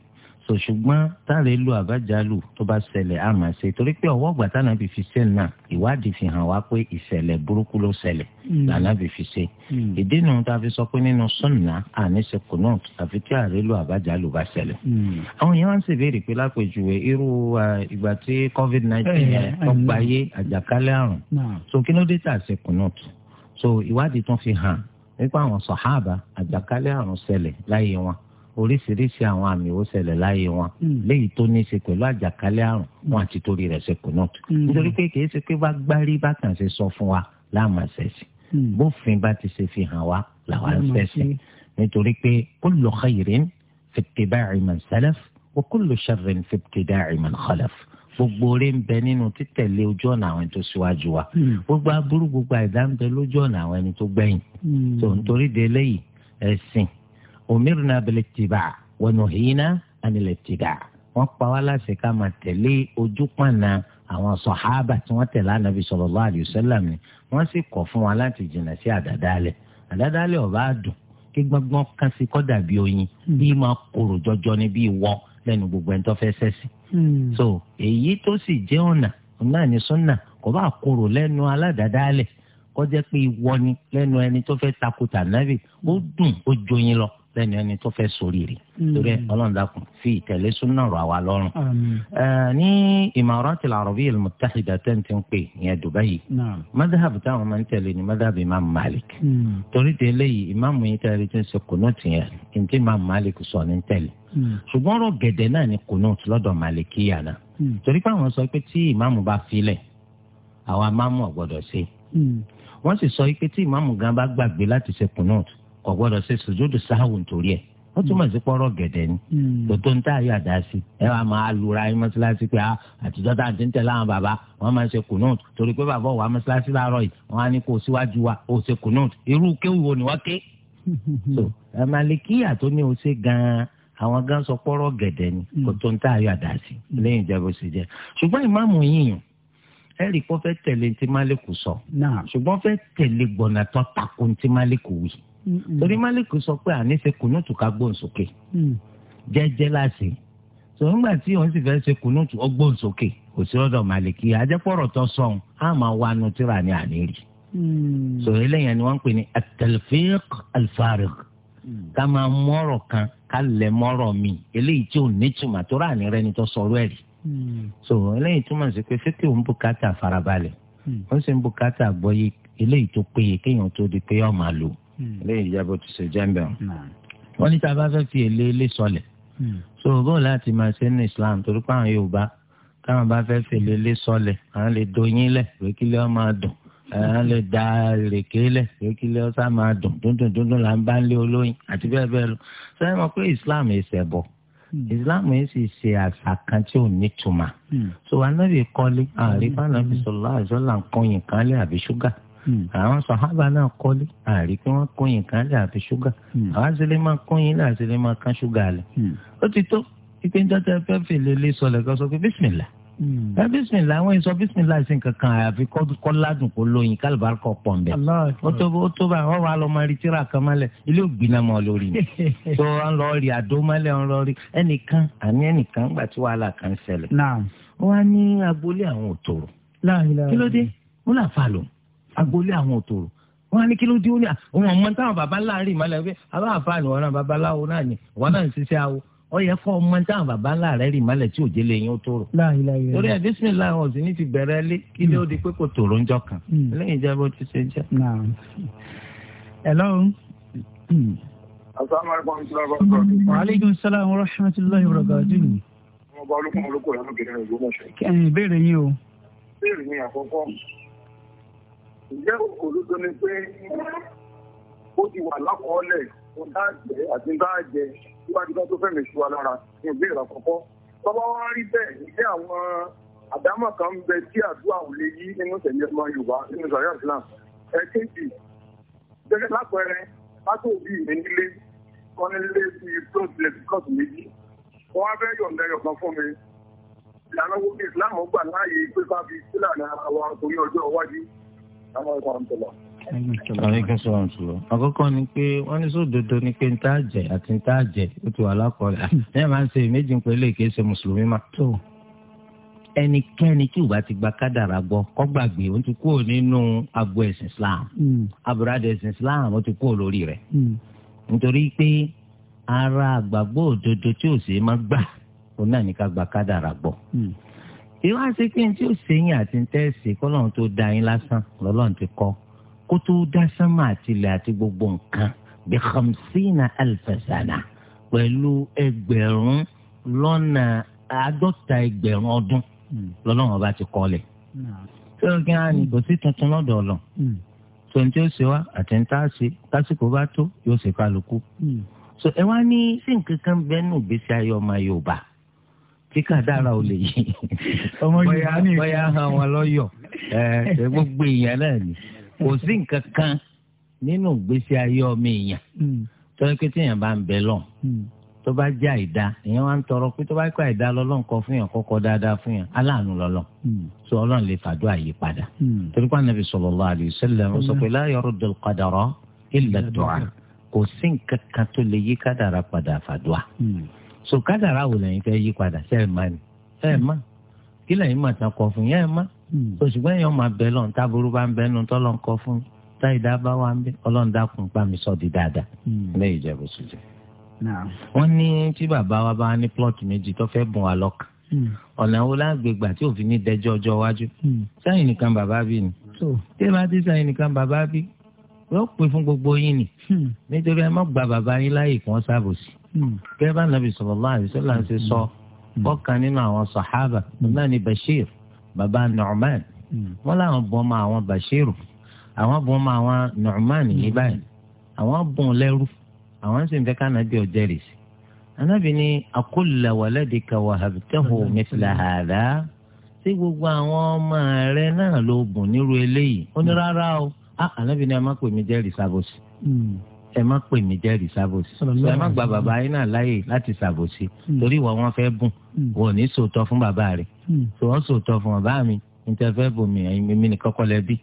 S2: so ṣùgbọ́n táàrẹ̀ lu àbájálù tó bá ṣẹlẹ̀ á máa ṣe torí pé ọwọ́ ọgbà tánàbì fi ṣe náà ìwádìí fi hàn wá pé ìṣẹ̀lẹ̀ burúkú ló ṣẹlẹ̀ tánàbì hmm. fi ṣe hmm. ìdí nu tá a fi sọ pé nínú sọ́nà àníṣe kù àfi tí ààrẹ lu àbájálù bá ṣẹlẹ̀. Hmm. àwọn èèyàn wá ń ṣèbéèrè pé lápèjúwe irú ìgbà tí covid nineteen eh, yẹn eh, tó eh, gbayé àjàkálẹ̀ àrùn so kí ló dé tà ṣe kù so ìwádìí tún fi hàn wípé àwọn sàhábà àjàkálẹ̀ àrùn ṣẹlẹ̀ oríṣiríṣi àwọn àmì ó ṣẹlẹ̀ láyé wọn hmm. léyìí tó ní í ṣe pẹ̀lú àjàkálẹ̀ àrùn hmm. wọn àti torí rẹ̀ ṣe kùnà hmm. nítorí pé kì í ṣe pé bá gbárí bákan ṣe sọ fún wa láàmà ṣẹ̀ṣì bófin bá ti ṣe fi hàn wá làwa ń ṣẹ̀ṣì nítorí pé kullu khairin fi ittiba'i man salaf wa kullu sharrin fi ibtida'i man khalaf gbogbo oore ń bẹ nínú títẹ̀lé ojú ọ̀nà àwọn tó síwájú wa gbogbo aburú gbogbo àìdá lójú ọ̀nà àwọn ẹni tó gbẹ̀yìn tó nítorí de eléyìí ẹ̀sìn umirna bil-ittiba' wa nuhina anil-ibtida' wọ́n pa wá láṣẹ ká máa tẹ̀lé ojú pàna àwọn sọ̀hábà tí wọ́n tẹ̀lé ànábì sallallahu alayhi wa sallam ni wọ́n sì kọ̀ fún wa láti jìnnà sí àdàdálẹ̀ àdàdálẹ̀ ọ̀bá dùn kí gbọ́ngbọ́n kan sí kọ́ dàbí oyin hmm. bí máa korò jọjọ ni bí wọ́ lẹ́nu gbogbo ẹni tó fẹ́ sẹ́sì. Hmm. so èyí tó sì jẹ́ ọ̀nà náà ní súnà kò bá korò lẹ́nu aládàdálẹ̀ kọjá pé ìwọ ni lẹ́nu ẹni bẹ́ẹ̀ ni ẹni tó fẹ́ sórí rẹ̀ hmm. torí ọlọ́run dákun fi ìtẹ̀lé súnà rọ̀ àwa lọ́rùn. ní Imarat al-Arabiyya al-Muttahida tẹ́ǹtì ń pè ìyẹn Dubai madhab táwọn máa ń tẹ̀lé ni madhab imam Malik hmm. torí tẹ eléyìí imam yìí tẹ̀lé tó ń ṣe kùnú tìyẹn ní tí imam Malik sọ ní tẹ̀lé hmm. ṣùgbọ́n ọ̀rọ̀ gẹ̀dẹ̀ náà ni kùnú lọ́dọ̀ Malikiya torí pé àwọn sọ pé tí kò gbọ́dọ̀ ṣe sùjúdù sáhùn torí ẹ̀ ó hmm. túmọ̀ sí pọ́rọ̀ gẹ̀dẹ̀ ni hmm. tòótọ́ ń tà yọ àdá sí ẹ wàá máa lura ẹ mọ́ṣáláṣí pé ah, àtijọ́ tá à ń tẹ́ láwọn bàbá wọ́n máa ń ṣe kùnúùtù torí pé bàbá wa mọ́ṣáláṣí láàárọ̀ yìí wọ́n á ní kó o síwájú wa ó ṣe kùnúùtù irú kéwì wo ni wọ́n ké. so màlìkíyà tó ní o ṣe gan-an àwọn gan sọ pọ́rọ̀ gẹ̀dẹ̀ ni hmm. kò ń tà yọ torí Málíkì sọ pé àní ṣe kùnúùtù ká gbóhùn sókè mm. jẹ́jẹ́ láṣẹ sọ nígbà tí òun sì fẹ́ ṣe kùnúùtù ọgbóhùn sókè kò sí ọ̀dọ̀ Málíkì àjẹpọ̀rọ̀ tó sọ̀hún á máa wá nu tíra ní àní rí
S4: mm.
S2: sọ eléyàn ni wọ́n ń pè ní atalfiq alfariq mm. ká máa mọ́rọ̀ kan ká lẹ̀ mọ́rọ̀ mi eléyìí tí ò ní tùmọ̀ tó rà ní rẹ ni tó sọ̀rọ̀ ẹ̀ rí so eléyìí túmọ̀ sí pé fíkì òun bùkátà farabalẹ̀ wọ́n sì ń bùkátà gbọ́yé eléyìí tó péye kéèyàn tó di pé ọ̀ máa lò ilé ìjábọ tó ṣe jẹmbẹ o. Hmm. wọ́n ní tá a bá fẹ́ fi èlé ilé sọlẹ̀ hmm. so bóun láti máa ṣe ní islam torí pé àwọn yorùbá táwọn bá fẹ́ fèlè ilé sọlẹ̀ àwọn lè doyin lẹ̀ rékílẹ̀ ọ́ máa dùn àwọn lè da rèké lẹ̀ rékílẹ̀ ọ́ sá máa dùn dúndùn dúndùn là ń bá lé olóyin àti bẹ́ẹ̀ bẹ́ẹ̀ lọ sọ́yìn mọ̀ pé islam ẹ̀sẹ̀ bọ̀ hmm. islam yìí sì ṣe àṣà kan tí ò ní tuma so anabi kọ́lé àríwá anabi sọlá àjọlá nǹkan yìí kan lé àbí ṣúgà Hmm. àwọn sàhábà náà kọ́lé àrí pé wọ́n kóyin kan hmm. lè àfi ṣúgà àwọn àṣẹlẹ̀ máa kóyin lè àṣẹlẹ̀ máa kán ṣúgà lẹ̀ ó ti tó ipe ń dọ́tà fẹ́ fèlè lé sọlẹ̀ kan sọ pé bísímìlà hmm. ẹ bísímìlà àwọn èso bísímìlà sí kankan àfi kọ́ ládùn kó lóyin kálíbà kọ́ pọ̀ ń bẹ̀ ó tó ó tó bá wọ́n wà lọ́ máa rí tíra kan mọ́lẹ̀ ilé ògbìnà mọ́ lórí mi tó ń lọ rí àdó mọ́lẹ̀ ń lọ rí ẹnìkan àní ẹnìkan gbà tí wàhálà kan ṣẹlẹ̀ wọ́n á ní agboolé àwọn òtòrò kí ló dé wọ́n là fà lóhùn agboolé àwọn òtòrò wọn á ní kí ló dé ó ní àwọn ọmọ táwọn baba ńlá rí ìmọ̀lẹ́ pé aláàfáà ni wọn náà babaláwo náà ni wọn náà ń ṣiṣẹ́ awo ó yẹ kó ọmọ táwọn baba ńlá rẹ rí ìmọ̀lẹ́ tí òjé lè yín ó tòrò. torí ẹ bísímìlá wọn sì ní ti bẹ̀rẹ̀ lé kí ló di pé kò tòrò ńjọ kan hmm. lẹ́yìn ìjẹ́ bó ti ṣe jẹ́.
S1: hello. asalaamualeykum. salaam wa rahmatulahi ọmọ
S3: ǹjẹ́ olódó ni pé ó ti wà lákọọ́lẹ̀ tó dáàjẹ́ àti dáàjẹ́ síwájú kan tó fẹ̀mí sí wa lára ní ìbéèrè àkọ́kọ́ tọ́ba wá rí bẹ́ẹ̀ ǹjẹ́ àwọn àdámọ̀ kan ń bẹ tí àdúrà ò lè yí nínú tẹ̀lé ọmọ Yorùbá nínú sàrí Islam ẹ̀kejì gẹ́gẹ́ lápẹẹrẹ látò bí ìnílé kọ́nilé fi plọ́ọ̀tìlẹ̀ kọ́ọ̀tù méjì wọ́n wá fẹ́ yọ̀ǹda ẹ̀yọ̀kan fún mi ìlànà wo ni Islam gbà láàyè pé ká fi sílànà àwa torí ọjọ́ iwájú ọkọkọ
S2: salaam salaam ni pé wọ́n ní sódodo ni pé nta jẹ àti nta jẹ ó ti wà lákọọ́lẹ̀ ẹ máa ń ṣe méjì ń pè é léèké ṣe mùsùlùmí mà. ẹnikẹ́ni tí ti gba kádàrá gbọ́ kọ́ gbàgbé ó ti kúrò nínú agbo ẹ̀sìn islam aburada hmm. ẹ̀sìn islam ó ti kúrò lórí rẹ̀ hmm. nítorí pé ara àgbàgbọ́ òdodo tí ò sí máa gbà òun náà ní ká gba kádàrá gbọ́. Hmm. ìwà ṣe pé tí ó ṣe yín àti tẹ́sí kọ́lọ́run tó da yín lásán lọ́lọ́run ti kọ́ kó tó dá sánmà àtìlẹ̀ àti gbogbo nǹkan bí khamsina alfasana pẹ̀lú ẹgbẹ̀rún lọ́nà àádọ́ta ẹgbẹ̀rún ọdún hmm. lọ́lọ́run ọba ti kọ́ lẹ̀. ṣé o kí á ní hmm. kò sí tuntun lọ́dọ̀ ọ̀lọ́ hmm. tó ó ṣe wá àti ń lásìkò bá tó yóò ṣe kálukú. ẹ wá ní sí nǹkan kan bẹ́ẹ̀ nù gbèsè kíkà dára ò lè yí bóyá hàn wọn lọ́yọ̀ gbogbo èèyàn náà ni kò sí nǹkan kan nínú ìgbésí ayé ọmọ èèyàn hmm. tó yẹ kí téèyàn bá ń bẹ lọ hmm. tó bá jẹ́ àìda èèyàn wá ń tọrọ pé tó bá kọ àìda lọ́lọ́n kọ fún yàn kọ́kọ́ dáadáa fún yàn aláàánú lọ́lọ́n tó hmm. ọlọ́run lè fàdúrà yí padà torí pé ànábì sallallahu alaihi wasallam ó sọ pé la yaruddu al-qadara illa ad kò sí nǹkan kan tó lè yí kádàrá padà fàdúrà so kádàrá wò lẹ́yìn fẹ́ yí padà ṣe ẹ̀ máa ní ṣe ẹ̀ hmm. máa kí lẹ́yìn máa tán kọ fún yẹn ẹ̀ hmm. máa oṣù gbẹ́yìn ọmọ abẹ́ lọ́n táburú bá ń bẹ́ nu tọ́lọ́ ń kọ fún táyidá bá wà ń bẹ́ ọlọ́run dákun pa mi sọ di dáadáa lẹ́yìn ìjẹ́ bó ṣe jẹ́. wọ́n ní tí bàbá wa bá ní plọ́ọ̀tì méjì tó fẹ́ bùn wa lọ́kàn hmm. ọ̀nà wo lágbègbà tí òfin ní dẹjọ́ ọjọ́ iwájú sẹ́yìn nìkan bàbá bí ni bẹ́ẹ̀ hmm. bá nàbì sallallahu alaihi wasallam ṣe sọ bọ́kàn hmm. nínú àwọn sàhábà náà ni Bashir baba Nu'man hmm. wọ́n láwọn bọ́ ọmọ àwọn Bashir àwọn bọ́ ọmọ àwọn Nu'man yìí báyìí àwọn bùn lẹ́rú àwọn sì ń fẹ́ ká nàbì ọ̀jẹ̀ rè sí. anábì ni akulla waladika wahabtahu mithla hadha ṣé gbogbo àwọn ọmọ rẹ náà ló bùn nírú eléyìí ó ní rárá o anábì ah, ni a má pè mí jẹ́rìí sábòsì ẹ má pè mí jẹ́rìí ṣàbòsí ṣe ẹ má gba bàbá yín náà láàyè láti ṣàbòsí hmm. torí ìwọ wọn fẹ́ bùn hmm. wọn ò ní sòótọ́ fún bàbá rẹ̀ tó hmm. wọ́n sòótọ́ fún bàbá mi níta fẹ́ bò mí ẹ̀yin mi ní kọ́kọ́ lẹ́bí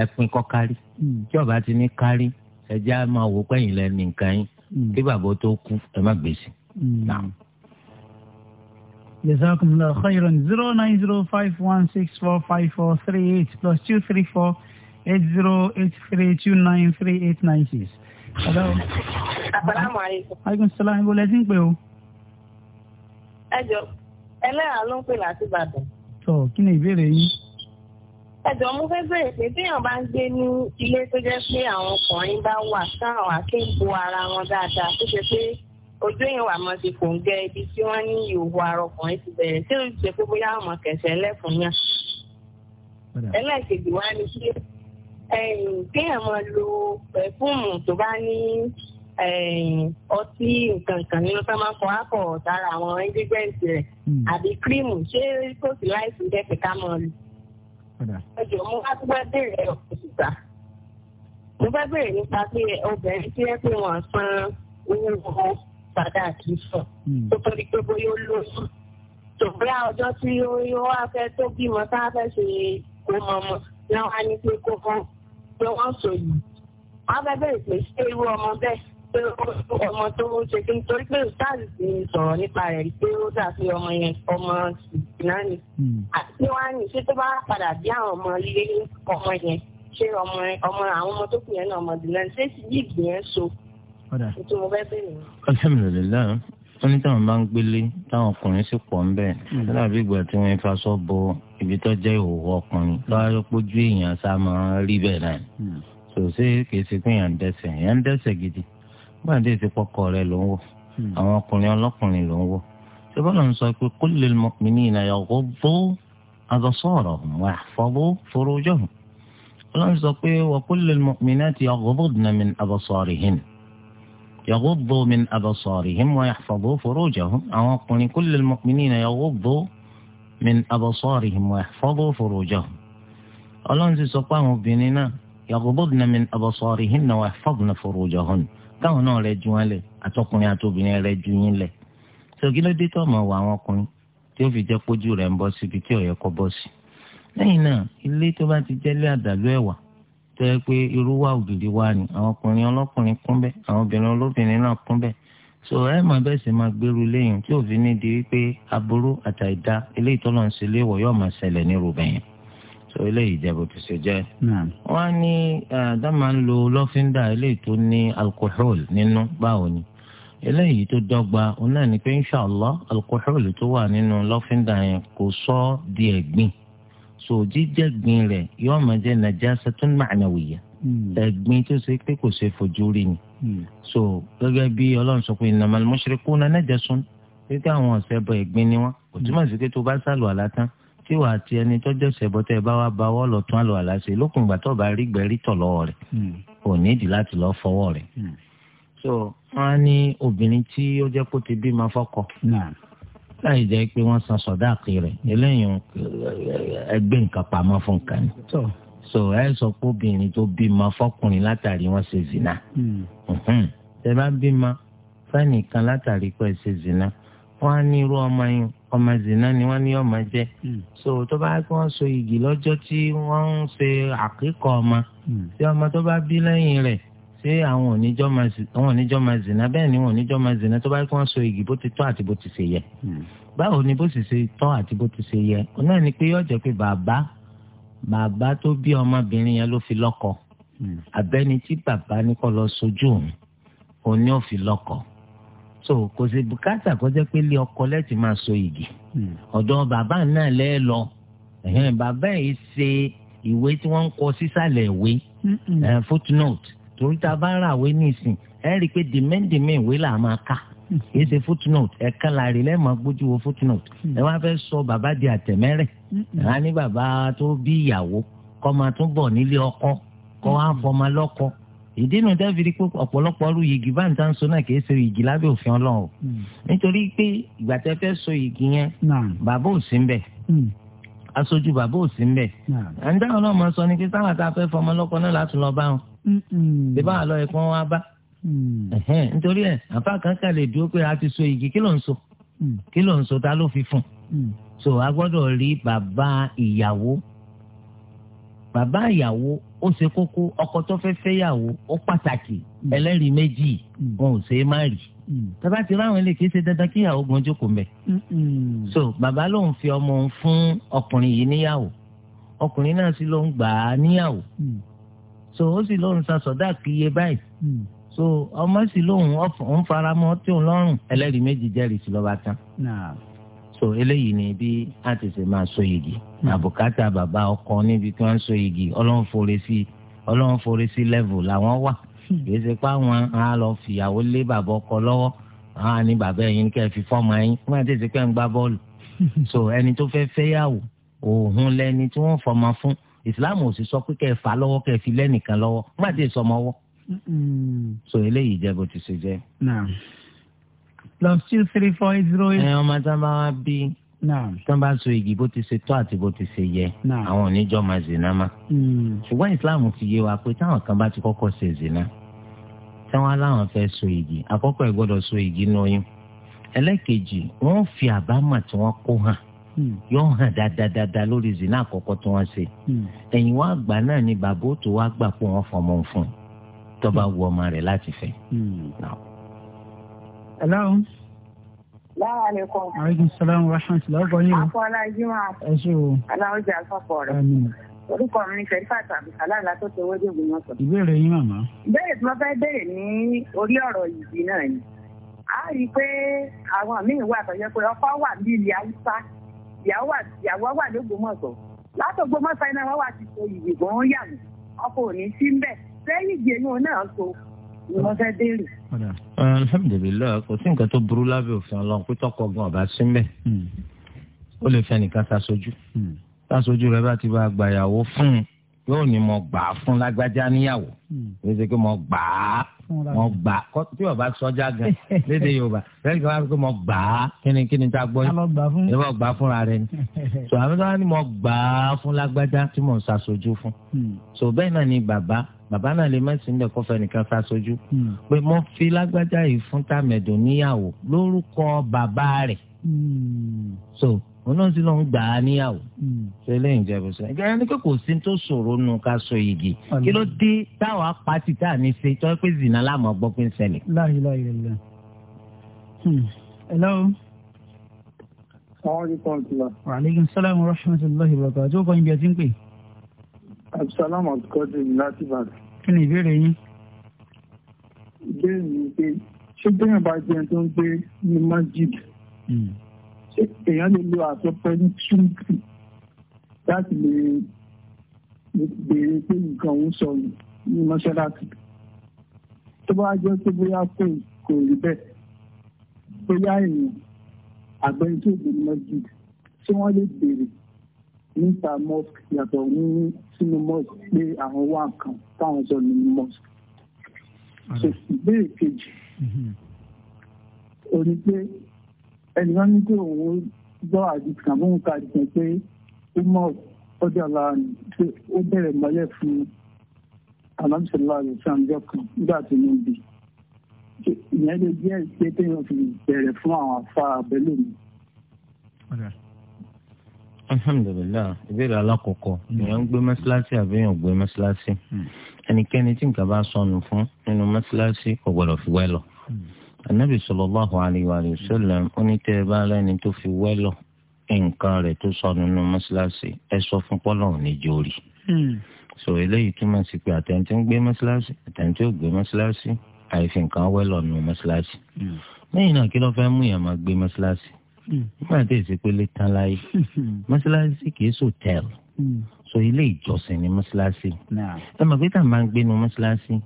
S2: ẹ pin kọ́ kárí tí ọba ti ní kárí ẹ jẹ́ á máa wò pẹ́yìn lẹ́nu nǹkan yín kí bàbá tó kú ẹ má gbèsè.
S1: jazakumullahu khairan zero nine zero five one six four five four three eight plus two three four eight zero eight three two nine three eight nine six. Àbálámọ̀ àyíkọ́. Àyíkún Sọlá ń bolẹ̀ sí ń pè o.
S6: Ẹ jọ ẹlẹ́yà ló ń pè láti Ìbàdàn.
S1: Sọ kí ni ìbéèrè yín?
S6: Ẹ jọ mo fẹ́ bẹ̀rẹ̀ pé téèyàn bá ń gbé ní ilé tó jẹ́ pé àwọn ọkùnrin bá wà sáwọn akéǹbo ara wọn dáadáa tó ṣe pé ojú èèyàn wà mọ́ ti kò ń gẹ ibi tí wọ́n ní ìhòòhò ara ọkùnrin ti bẹ̀rẹ̀ tí ó ṣe pé bóyá àwọn kẹsẹ̀ ẹlẹ́kùn náà. Ẹlẹ́ẹ̀kejì wá ni kí kéèyàn máa lo pẹ̀fúùmù tó bá ní ọtí nǹkan kan nínú tó máa ń fọ àpọ̀ sára àwọn ingredients rẹ̀ hmm. àbí kírìmù ṣé kò sí láìsí dẹ́pẹ̀ ká máa lò. ọjọ́ mo wá gbọ́ bèrè ọ̀pọ̀ síta. mo fẹ́ bèrè nípa pé obìnrin tí wọ́n pè wọ́n san owó wọn padà kì í sọ hmm. tó torí pé bóyá ó lóṣù. tòbí ọjọ́ tí ó wá fẹ́ tó bímọ tá a fẹ́ ṣe kó mọ ọmọ náà wá ní pé kó hàn pé wọ́n sọ yìí wọ́n bá bẹ̀rẹ̀ pé ṣé irú ọmọ bẹ́ẹ̀ pé ọmọ tó ń ṣe kí n torí pé ustaz ti sọ̀rọ̀ nípa rẹ̀ pé ó dàbí ọmọ yẹn ọmọ náà ni àti wọ́n á ní ṣé tó bá padà bí àwọn ọmọ lé ọmọ yẹn ṣé ọmọ ọmọ àwọn ọmọ tó kù yẹn náà ọmọ dìlẹ́ ṣé ti yí ìgbìn yẹn so ètò mo fẹ́ bẹ̀rẹ̀.
S2: alhamdulilayi wọ́n ní táwọn máa ń gbélé táwọn ọkùnrin sì pọ̀ ń bẹ̀ lábẹ́ hmm. ìgbà tí wọ́n ń faṣọ bo ibi tó jẹ́ ìhòòhò ọkùnrin lọ́wọ́ pójú èèyàn sá máa rí bẹ́ẹ̀ náà sòsè kìí ṣe pé yàn ń dẹ́ṣẹ̀ yàn ń dẹ́ṣẹ̀ gidi gbàdé ti pọkọ rẹ ló ń wò àwọn ọkùnrin ọlọ́kùnrin ló ń wò ṣé bọ́lá ń sọ pé kó lè mọ mi kul lil mu'minina yaghuddu absarahum wa yahfazu furujahum ń sọ pé kó lè mọ mi náà ti wa kul lil mu'minati yaghuddna min absarihin yaghuddu min absarihim wa yahfazu furujahum àwọn ọkùnrin kó lè mọ mi ní lil ọkọ̀ bó min abasarihim wa yahfazu furujahum ọlọ́run ti sọ pé àwọn obìnrin náà yaghududna min abasarihinna wa yahfazna furujahun káwọn náà rẹ ju wọn lẹ àtọkùnrin rẹ ju yín lẹ sọgí tó ọmọ wà àwọn ọkùnrin tí ó fi pójú rẹ ń síbi tí ọyẹ bọsi. sí lẹ́yìn náà ilé tó bá ti àdàlú wa wa ni àwọn ọkùnrin ọlọ́kùnrin so ẹ máa bẹ́ẹ̀ sì máa gbèrú lẹ́yìn tí òfin ní di wípé aburú àtàìdá eléyìí tọ́lọ̀ ń ṣẹlẹ̀ wọ̀ yóò máa ṣẹlẹ̀ ní rubẹ̀yìn so eléyìí jẹ́ bó ti ṣe jẹ́. wọ́n á ní dá máa ń lo lọ́fíńdà eléyìí tó ní alkohol nínú báwo ni eléyìí tó dọ́gba òun náà ni pé inshàlá alkohol tó wà nínú lọ́fíńdà yẹn kò sọ di ẹ̀gbin so rẹ̀ yóò máa jẹ́ najasatun Hmm. ẹ̀gbin tó ṣe pé kò ṣe fojú rí ni hmm. so gẹ́gẹ́ bí ọlọ́run sọ pé innamal mushrikuna najasun pípẹ́ àwọn ọ̀sẹ̀ bọ ẹ̀gbin ni wọ́n kò túmọ̀ sí pé tó bá sàlù àlá tán tí wàá ti ẹni tọ́jọ́ ṣẹ̀bọ tẹ́ ẹ bá wá ba ọwọ́ lọ tún àlọ́ àlá ṣe lókun ìgbà tó bá rí gbẹ̀rí tọ̀ lọ́wọ́ rẹ̀ hmm. kò nídìí láti lọ́ọ́ fọwọ́ rẹ̀. so wọn á ní obìnrin tí ó jẹ́ kó ti bímọ fọ́kọ láì jẹ́ pé wọ́n san sọ̀dáàkì rẹ̀ eléyìí ẹgbẹ́ nǹkan pamọ́ fún nǹkan ni so ẹ sọ pé obìnrin tó bímọ fọkùnrin látàrí wọn ṣe zina ṣe hmm. mhm. bá bímọ fẹnìkan látàrí pé ṣe zina wọn á ní irú ọmọ yẹn ọmọ zina ni wọn ní ọmọ jẹ hmm. so tó bá kí wọn so igi lọ́jọ́ tí wọn ń ṣe àkíkọ ọmọ hmm. tí ọmọ tó bá bí lẹ́yìn rẹ̀ ṣé àwọn oníjọ́ máa zina bẹ́ẹ̀ ni wọn oníjọ́ máa zina tó bá kí wọn so igi bó ti tọ́ àti bó ti ṣe yẹ báwo ni bó sì ṣe tọ́ àti bó ti ṣe yẹ náà ni pé yọjọ bàbá tó bí ọmọbìnrin yẹn ló fi lọ́kọ hmm. abẹ́ni tí bàbá ní kọ́ lọ sojú òun òun ni ó fi lọ́kọ so kò sí bùkátà kó jẹ́ pé ilé ọkọ lẹ́tì máa so yìgì hmm. ọ̀dọ̀ bàbá náà lẹ́ lọ bàbá yìí ṣe ìwé tí wọ́n ń kọ sísàlẹ̀ ìwé hmm. eh, footnote torí tá a bá ra ìwé nísìn ẹ rí i pé dìmẹ́ǹdìmẹ́ ìwé là máa kà kì ṣe footnote ẹ̀ka làrí lẹ́ẹ̀mọ́ gbójú wo footnote ẹ wá fẹ́ sọ bàbá di àtẹ̀mẹ́rẹ̀ a mm-hmm. ní bàbá tó bí ìyàwó kọ́ máa tún bọ̀ nílé ọkọ kọ́ wá mm-hmm. fọmọ lọ́kọ ìdí nu dẹ́bi rí pé ọ̀pọ̀lọpọ̀ ọrú yìgì bá ń tán so náà kìí ṣe yìgì lábẹ́ òfin ọlọ́run mm-hmm. nítorí pé ìgbà tẹ́ fẹ́ so yìgì yẹn bàbá ò sí ń bẹ̀ aṣojú bàbá ò sí ń bẹ̀ ẹ̀ńdá ọ̀nà ọmọ sọ ni pé sáwọn tá a fọmọ lọ́kọ náà láti lọ bá wọn bí báwa ẹ̀kọ́ wọn bá nítorí ẹ̀ àfa kan kà lè dúró pé a ti so yìgì kí ló ń so kí ló ń so ta ló fi fún un Hmm. so a gbọ́dọ̀ rí bàbá ìyàwó bàbá ìyàwó ó ṣe kókó ọkọ tó fẹ́ fẹ́yàwó ó pàtàkì hmm. ẹlẹ́rìí méjì hmm. wọn ò ṣe é má rí bàbá ti ráwọn ilé kìí ṣe dandan kí ìyàwó gun jókòó mbẹ. so bàbá lòun fi ọmọ òun fún ọkùnrin yìí níyàwó ọkùnrin náà sì ló ń gbà á níyàwó so ó sì lóun san sọdá kìíye báyìí so ọmọ sì lóun ọ̀n faramọ́ tí òun lọ́rùn ẹlẹ́rìí méjì jẹ́rìí sí lọ́ba tán so eléyìí ni bí a ti ṣe máa so igi àbùkátà bàbá ọkọ níbi tí wọ́n so igi ọlọ́run forí sí ọlọ́run forí sí level làwọn wà kìí ṣe pé àwọn á lọ fìyàwó lé bàbá ọkọ lọ́wọ́ àwọn àní bàbá ẹ̀yin kẹ́ ẹ fi fọ́ọ̀mù ẹ̀yin wọ́n ti ṣe ń gbá bọ́ọ̀lù so ẹni tó fẹ́ fẹ́yàwó òun lẹni tí wọ́n fọmọ fún ìsìláàmù ò sì sọ pé kẹ́ ẹ fà lọ́wọ́ kẹ́ ẹ fi lẹ́nìkan lọ́wọ́ wọ́n ti sọmọ wọ́ so eléyìí jẹ́ bó ti ṣe jẹ́ plus two three
S1: four zero eight. ẹ
S2: ọmọ tí wọn bá wá bí tí wọn bá so igi bó ti ṣe tó àti bó ti ṣe yẹ àwọn oníjọ máa zina ma. Hmm. ṣùgbọ́n islam ti yé wa pé táwọn kan bá ti kọ́kọ́ ṣe zina táwọn aláwọn fẹ́ so igi àkọ́kọ́ ẹ̀ gbọ́dọ̀ so igi lóyún ẹlẹ́kejì wọ́n fi àbámọ̀ tí wọ́n kó hàn hmm. yóò hàn dáadáa lórí zina àkọ́kọ́ tí wọ́n ṣe hmm. ẹ̀yìn wá gbà náà ni bàbá òtò wá gbà pé wọ́n fọmọ fún un tó bá wù ọmọ rẹ̀ láti fẹ́. Hello láàlẹ́kọ̀. aleykum salaam wa rahmatulah ọkọ yín o.
S5: akọ́lá jimá. ẹ ṣe o. aláwọ̀ jẹ́ àkọ́kọ́ rẹ̀. orúkọ mi ni fẹ́rífàtà abdulsalam látòkè wọ́dí ògbómọ̀ṣọ́.
S1: ìbéèrè yín màmá.
S5: ìbéèrè tí wọ́n fẹ́ béèrè ní orí ọ̀rọ̀ yìí náà ni. a rí i pé àwọn míì wà tó yẹ pé ọkọ wà ní ilẹ̀ haúsá ìyàwó wà lógbómọ̀ṣọ́ látògbómọ̀ṣọ́ iná wọn wà ti so ìyìnbọn yà mí ọkọ ò ní sí
S6: ìwọ́n fẹ́ béèrè.
S2: alhamdulilayi kò sí nǹkan tó burú lábẹ́ òfin ọlọ́run pé tọkọ gan ọba sí mbẹ́ hmm. ó lè fẹ́ nìkan ta sojú hmm. ta sojú rẹ bá ti bá gbàyàwó fún un yóò ní mo gbà á fún lágbájá níyàwó yóò hmm. ṣe pé mo gbà á mo gbà á tí o bá sọjá gan léde yorùbá lẹ́yìn kan wá pé mo gbà á kíni kíni tá a gbọ́ yìí mo gbà á fúnra rẹ ni so àmì tó wá ní mo gbà á fún lágbájá tí mo ń ṣàṣojú fún hmm. so bẹ́ẹ̀ náà ni bàbá bàbá náà lè mẹ́sìn bẹ́ẹ̀ kọ́fẹ́ nìkan ṣàṣojú hmm. pé mo fi lágbájá yìí fún tàmẹ̀dùn níyàwó lórúkọ bàbá rẹ̀ olóhùn sí lóhùn gbà á níyàwó hmm. ṣe lẹ́yìn ìjẹbù sọ ìgbà yẹn ni pé kò sí tó ṣòro nu ká sọ igi kí ló dé táwọn apáti tá à ní ṣe tọ́ pé zina láàmú ọgbọ́n pé ń ṣẹlẹ̀.
S1: láyé láyé lọ. hello. sàwọn ìkọ̀ ìtura. waaleykum salaam wa rahmatulahi wa barakatuh tó kọ́ ibi ẹ ti ń pè.
S3: abdulsalam abdulkadir láti ìbàdàn.
S1: kí ni ìbéèrè yín.
S3: ìbéèrè mi pé ṣé bẹ́ẹ̀ bá jẹun tó ń gbé ní masjid. Hmm èèyàn lè lo àsọpẹ́ntúntì láti lè béèrè pé nǹkan òun sọnù ní mọ́ṣáláṣí tó bá jẹ́ pé bóyá kò kò rí bẹ́ẹ̀ bóyá èèyàn àgbẹ̀yìn tó dé mọ́jú tí wọ́n lè béèrè níta mosque yàtọ̀ ní sínú mosque pé àwọn wà kan táwọn sọ ní mosque. ìbéèrè kejì orí mm-hmm. pé ẹni wọn ní pé òun gbọ́ àdìsí kan bóun ka àdìsí pé ó mọ̀ ọdẹ ọ̀la pé ó bẹ̀rẹ̀ mọ́lẹ̀ fún alámsọ̀lá rẹ̀ sàǹjọ́ kan nígbà tó ní bí ìyẹn lè jẹ́ ìpè téèyàn fi bẹ̀rẹ̀ fún àwọn afá abẹ́lé mi.
S2: alhamdulilayi ìbéèrè alákọ̀ọ́kọ́ hmm. èèyàn ń gbé mọ́ṣáláṣí àbí èèyàn gbé mọ́ṣáláṣí hmm. ẹnikẹ́ni tí nǹkan bá sọnù fún nínú mọ́ṣáláṣí kò fi wẹ́ lọ. Hmm anabi sallallahu alayhi wa sallam ó ní tẹ́ ẹ bá lẹ́ni tó fi wẹ́lọ̀ nǹkan rẹ̀ tó sọnù nínú mọ́ṣáláṣí ẹ sọ fún pọ́lọ̀ ní jórí. Hmm. sọ eléyìí túmọ̀ sí pé àtẹ̀ntì ń gbé mọ́ṣáláṣí àtẹ̀ntì ò gbé mọ́ṣáláṣí àìfi nǹkan wẹ́lọ̀ nínú mọ́ṣáláṣí. Hmm. lẹ́yìn náà kí ló fẹ́ mú yàn gbé mọ́ṣáláṣí hmm. nígbà tí èsì pélé tán láyé mọ́ṣáláṣí kìí sòtẹ́ẹ̀lì so ilé ìjọsìn ni mọ́ṣáláṣí ẹ mọ̀ pé tá a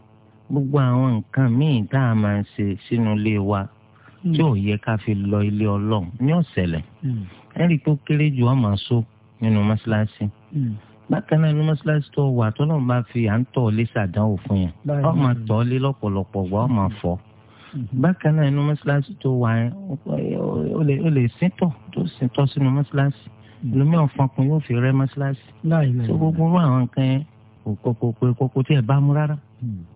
S2: gbogbo àwọn nǹkan míì tá a máa ń ṣe sínú ilé wa hmm. tí ò yẹ ká fi lọ ilé ọlọ́run ní ọ̀sẹ̀lẹ̀ hmm. ẹ̀rí tó kéré jù ọ́ máa so nínú mọ́ṣáláṣí hmm. bákan náà nínú mọ́ṣáláṣí tó wà tọ́lọ́run bá fi à ń tọ̀ lé sàdánwò fún yẹn ọ́ máa tọ̀ lé lọ́pọ̀lọpọ̀ wà ọ́ máa fọ́ bákan náà nínú mọ́ṣáláṣí tó wà yẹn ó lè síntọ̀ tó síntọ̀ sínú mọ́ṣáláṣí lómi ọ̀fọ̀kùn yóò fi rẹ́ mọ́ṣáláṣí tó gbogbo àwọn nǹkan yẹn kò kókó pé kókó tí ẹ bá mú rárá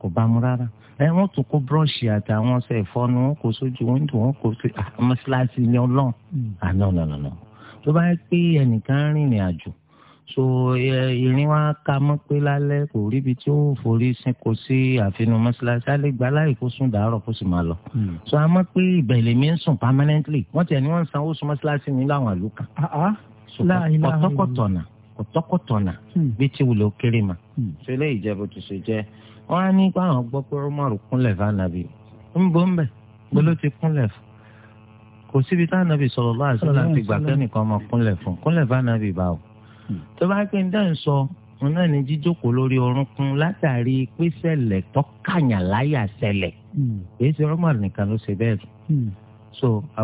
S2: kò bá mu rárá ẹ wọn tún kó búrọ́ọ̀ṣì àtàwọn ọṣẹ ìfọnu wọn kò sójú wọn dùn wọn kò sí ah, mọ́ṣáláṣí ilé ọlọ́run àná hmm. ah, nànànà tó bá yẹ pé ẹnìkan rìnrìn àjò so ìrìn wa ka mọ́ pé lálẹ́ kò ríbi tí ó forí sin kò sí àfihàn mọ́ṣáláṣí alẹ́ gba láì kó sùn dàárọ̀ kó sì máa lọ hmm. so a mọ̀ pé ìbẹ̀lẹ̀ mi ń sùn permanently wọ́n tẹ̀ ní wọ́n ń sanwó sùn mọ́ṣáláṣí ní láwọn àlù kan ah, kọ̀tọ́kọ̀tọ̀nà kọ̀tọ́kọ̀tọ̀nà hmm. bí tí wùlò kéré mà ṣe lè ìjẹ́ bó ti ṣe jẹ́ wọn á ní pé àwọn gbọ́ pé Umar kúnlẹ̀ fún anabi ń bọ́ ń bẹ̀ fún kò síbi tá anabi sallallahu alaihi ti gbà kẹ́nìkan ọmọ kúnlẹ̀ fún kúnlẹ̀ fún anabi o hmm. tó bá pé ń dẹ́n sọ wọn náà ní jíjókòó lórí orúnkún látàrí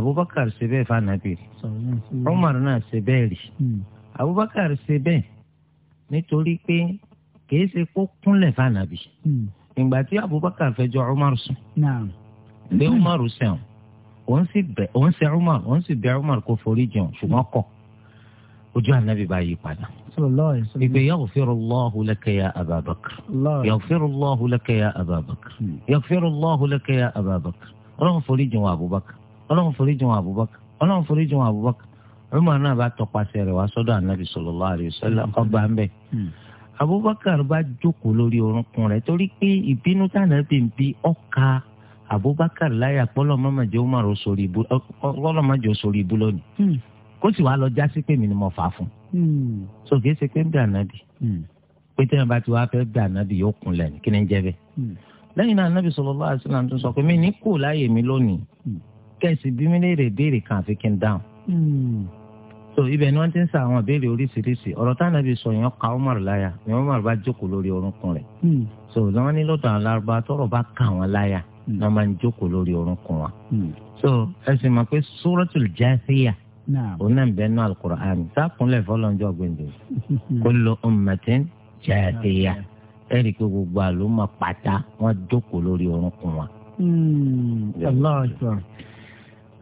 S2: Abubakar ṣe bẹ́ẹ̀ hmm. Abubakar ṣe bẹ́ẹ̀ nítorí kìí ṣe kó kúnlẹ̀ fànàbì hmm. ìgbà tí Abubakar fẹjọ́ Umar sùn lé Umar sẹ́wọ̀n òun sì bẹ òun sẹ Umar òun sì bẹ Umar kó forí jẹun ṣùgbọ́n kọ̀ ojú ànábì bá yí padà ìgbé yaghfirullahu laka ya Ababakar yaghfirullahu laka ya Ababakar hmm. yaghfirullahu laka ya Ababakar ọlọ́run forí jẹun Abubakar ọlọ́run forí jẹun Abubakar ọlọ́run forí jẹun Abubakar Umar náà bá tọpasẹ̀ rẹ̀ wá sọ́dọ̀ ànábì sallallahu abubakar bá jókòó lórí orúnkún rẹ̀ torí pé ìbínú tànà bí n bí ọkà abubakar láyà pọlọmọmọdé umar sórí ibú pọlọmọdé sórí ibú lónìí hmm. kó sì wàá lọ jásí pé mi ni mo fà á fún un hmm. so kìí ṣe pé ń bẹ ànábì hmm. pé tẹ́yìn bá ti wá fẹ́ bẹ ànábì yóò kúnlẹ̀ ní kí ni ń jẹ́ bẹ́ẹ̀ lẹ́yìn náà ànábì sallallahu alaihi wasallam tó sọ pé mi ní kò láàyè mi lónìí kẹ́sì bí béèrè kan àfi kí n
S4: dáhùn
S2: so ibẹ̀ ni wọ́n ti ń sa àwọn ìbéèrè oríṣiríṣi ọ̀rọ̀ táwọn ẹbí sọ yẹn ka Umar láyà ni Umar bá jókòó lórí orúnkún rẹ̀ hmm. so lọ́wọ́n ní lọ́dọ̀ àwọn Lárúbá tọ́rọ̀ bá kà wọ́n láyà hmm. ni wọ́n máa ń jókòó lórí orúnkún wa hmm. so ẹ sì pé Suratul Jathiyah òun náà ń bẹ́ẹ̀ nú Al-Qur'an sákùnlẹ̀ fọlọ́njọ́ gbèǹdè kullu ummatin jathiyah ẹ̀rí pé gbogbo àlùmọ̀ pátá wọ́n jókòó lórí orúnkún wa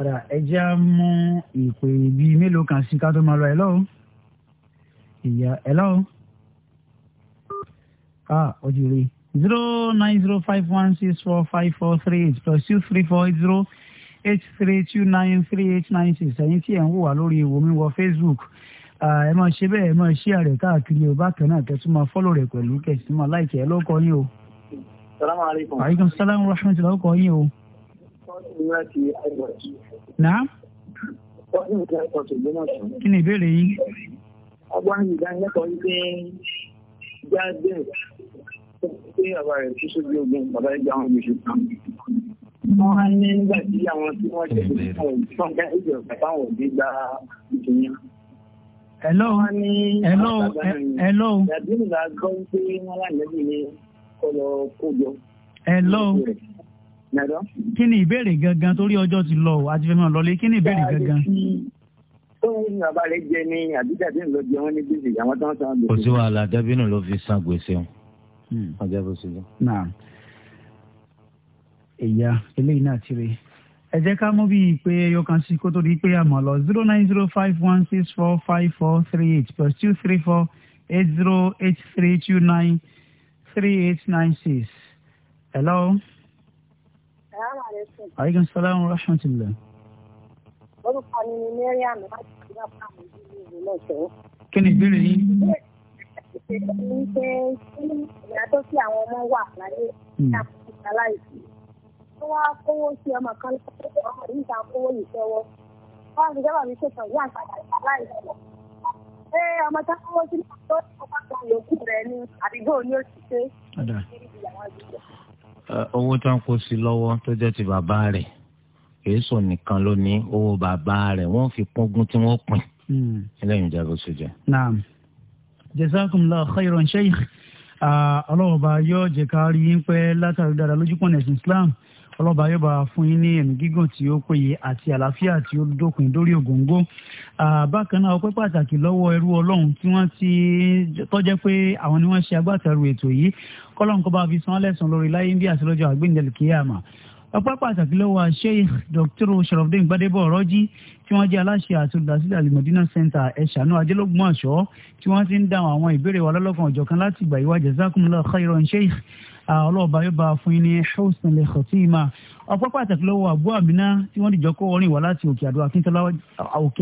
S1: padà ẹjẹ́ á mú ìpè bíi mélòó kan sí ká tó máa lọ ẹ̀ lọ́wọ́ ìyá ẹ̀ lọ́wọ́ ah ojú rí zero nine zero five one six four five four three eight plus two three four eight zero eight three two nine three eight nine six ẹ̀yin tí ẹ̀ ń wò wá lórí ìwò wọ Facebook ẹ máa ṣe bẹ́ẹ̀ ẹ máa ṣí àrẹ̀ káàkiri o bákan náà kẹ́tù máa fọ́lọ̀ rẹ̀ pẹ̀lú kẹ́tù máa láìkẹ́ ẹ lọ́kọ yín o.
S3: salaamaleykum. aleykum
S1: salaam wa rahmatulah ọkọ yín o. Nàá. Kí ni ìbéèrè yín?
S3: Ọgbọ́n ìdánilẹ́kọ̀ọ́ yìí pé jáde pé bàbá rẹ̀ tó sóbi ogun bàbá rẹ̀ jẹ́ àwọn gbèsè kan. Wọ́n á ní nígbà tí àwọn tí wọ́n ṣe fún ọ̀hún fún ká ìjọ àtàwọn òbí gba ìtìyàn. Hello, hello, hello. Yàtí nígbà gbọ́ pé wọ́n wà lẹ́bi ní kọlọ kójọ. Hello kí
S1: ni ìbéèrè gangan torí ọjọ́ ti lọ o fẹ́ máa lọlé kí ni ìbéèrè gangan.
S3: tóun ní bàbá rẹ jẹ ní àbíjà tí nìlọ jẹ wọn ní gbèsè àwọn tó ń san gbèsè. kò sí
S2: wàhálà dàbínù ló fi san gbèsè hmm. wọn. ọjà bó ṣe lọ.
S1: ẹ̀yà eléyìí náà ti rè é ẹ jẹ́ ká mú bíi pé ẹyọ kan sí kó tó di pé a lọ zero nine zero five one six four five four three eight plus two three four eight zero eight three two nine three eight nine six. hello aleykum salaam wa rahmatulah.
S5: orúkọ mi ni mariam láti ìlú àpamọ́ ìlú ìlú lọ́sọ̀ọ́.
S1: kí ni ìbéèrè yín.
S5: ní pé ìyàtọ̀ sí àwọn ọmọ wà láyé ní hmm. àkókò aláìsí. wọ́n wá kówó sí ọmọ kan lọ́wọ́ ọmọ yìí ta kówó yìí fẹ́wọ́. wọ́n á fi dábàá mi ṣètò ìyá àgbàdà aláìsí. ṣé ọmọ tá kówó sí náà tó ọmọ kan yòókù rẹ̀ ni àdìgbò ni ó ti ṣe
S2: owó tó ń kó sí lọ́wọ́ tó jẹ́ ti bàbá rẹ̀ èso nìkan ló ní owó bàbá rẹ̀ wọ́n fi kúngún tí wọ́n pín hmm. eléyìí ń jẹ́ bó ṣe jẹ́.
S1: naam sheikh ah, ọlọ́wọ́ba yóò jẹ́ ká rí yín pẹ́ látàrí dára lójú pọ̀nẹ̀sì islam ọlọ́ba yóò bá fún yín ní ẹ̀mí gígùn tí ó péye àti àlàáfíà tí ó dópin dórí ògóńgó bákan náà ọpẹ́ pàtàkì lọ́wọ́ ẹrú ọlọ́run tí wọ́n ti tọ́jẹ́ pé àwọn ni wọ́n ṣe agbátẹrù ètò yìí kọ́lọ́n kọ́ bá fi san lẹ́sùn lórí láyé bí àti àgbéǹdẹ̀lì kíyàmà ọpẹ́ pàtàkì lọ́wọ́ Sheikh Dr. Sharafdin Gbadebo Ọ̀rọ́jì tí wọ́n jẹ́ aláṣẹ àti olùdásílẹ̀ alimọ̀dínà center ẹ̀ṣánú ajẹ́lógún àṣọ tí wọ́n ti ń dáhùn àwọn ìbéèrè wa lọ́lọ́kan ọ̀jọ̀kan láti ìgbà ìwájà zakumullah khairan Sheikh ọlọ́ọ̀bá yóò bá a fún yín ní husn lil khatima ọpẹ́ pàtàkì lọ́wọ́ àbú àmínà tí wọ́n dìjọ́ kó orin wá láti òkè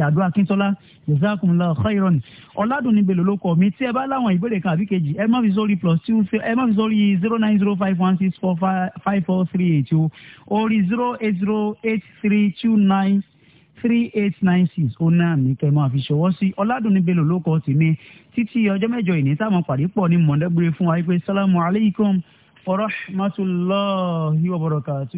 S1: àdó akíntọ́lá jazakumullahu khairan ọ̀làdùnní bèlò ló kọ̀ mí tí ẹ bá láwọn ìbéèrè kan àbí kejì ẹ má fi sórí plus two ẹ má fi sórí zero nine zero five one six four five four three eight o orí zero eight zero eight three two nine three eight nine six ó náà ní kẹ́ máa fi ṣọwọ́ sí ọ̀làdùnní bèlò ló kọ́ tì mí títí ọjọ́ mẹ́jọ ìní táwọn pàdé pọ̀ ní mọ̀ọ́dẹ́gbére fún wa pé sálámù alaykum wa rahmatulahi wa barakatu.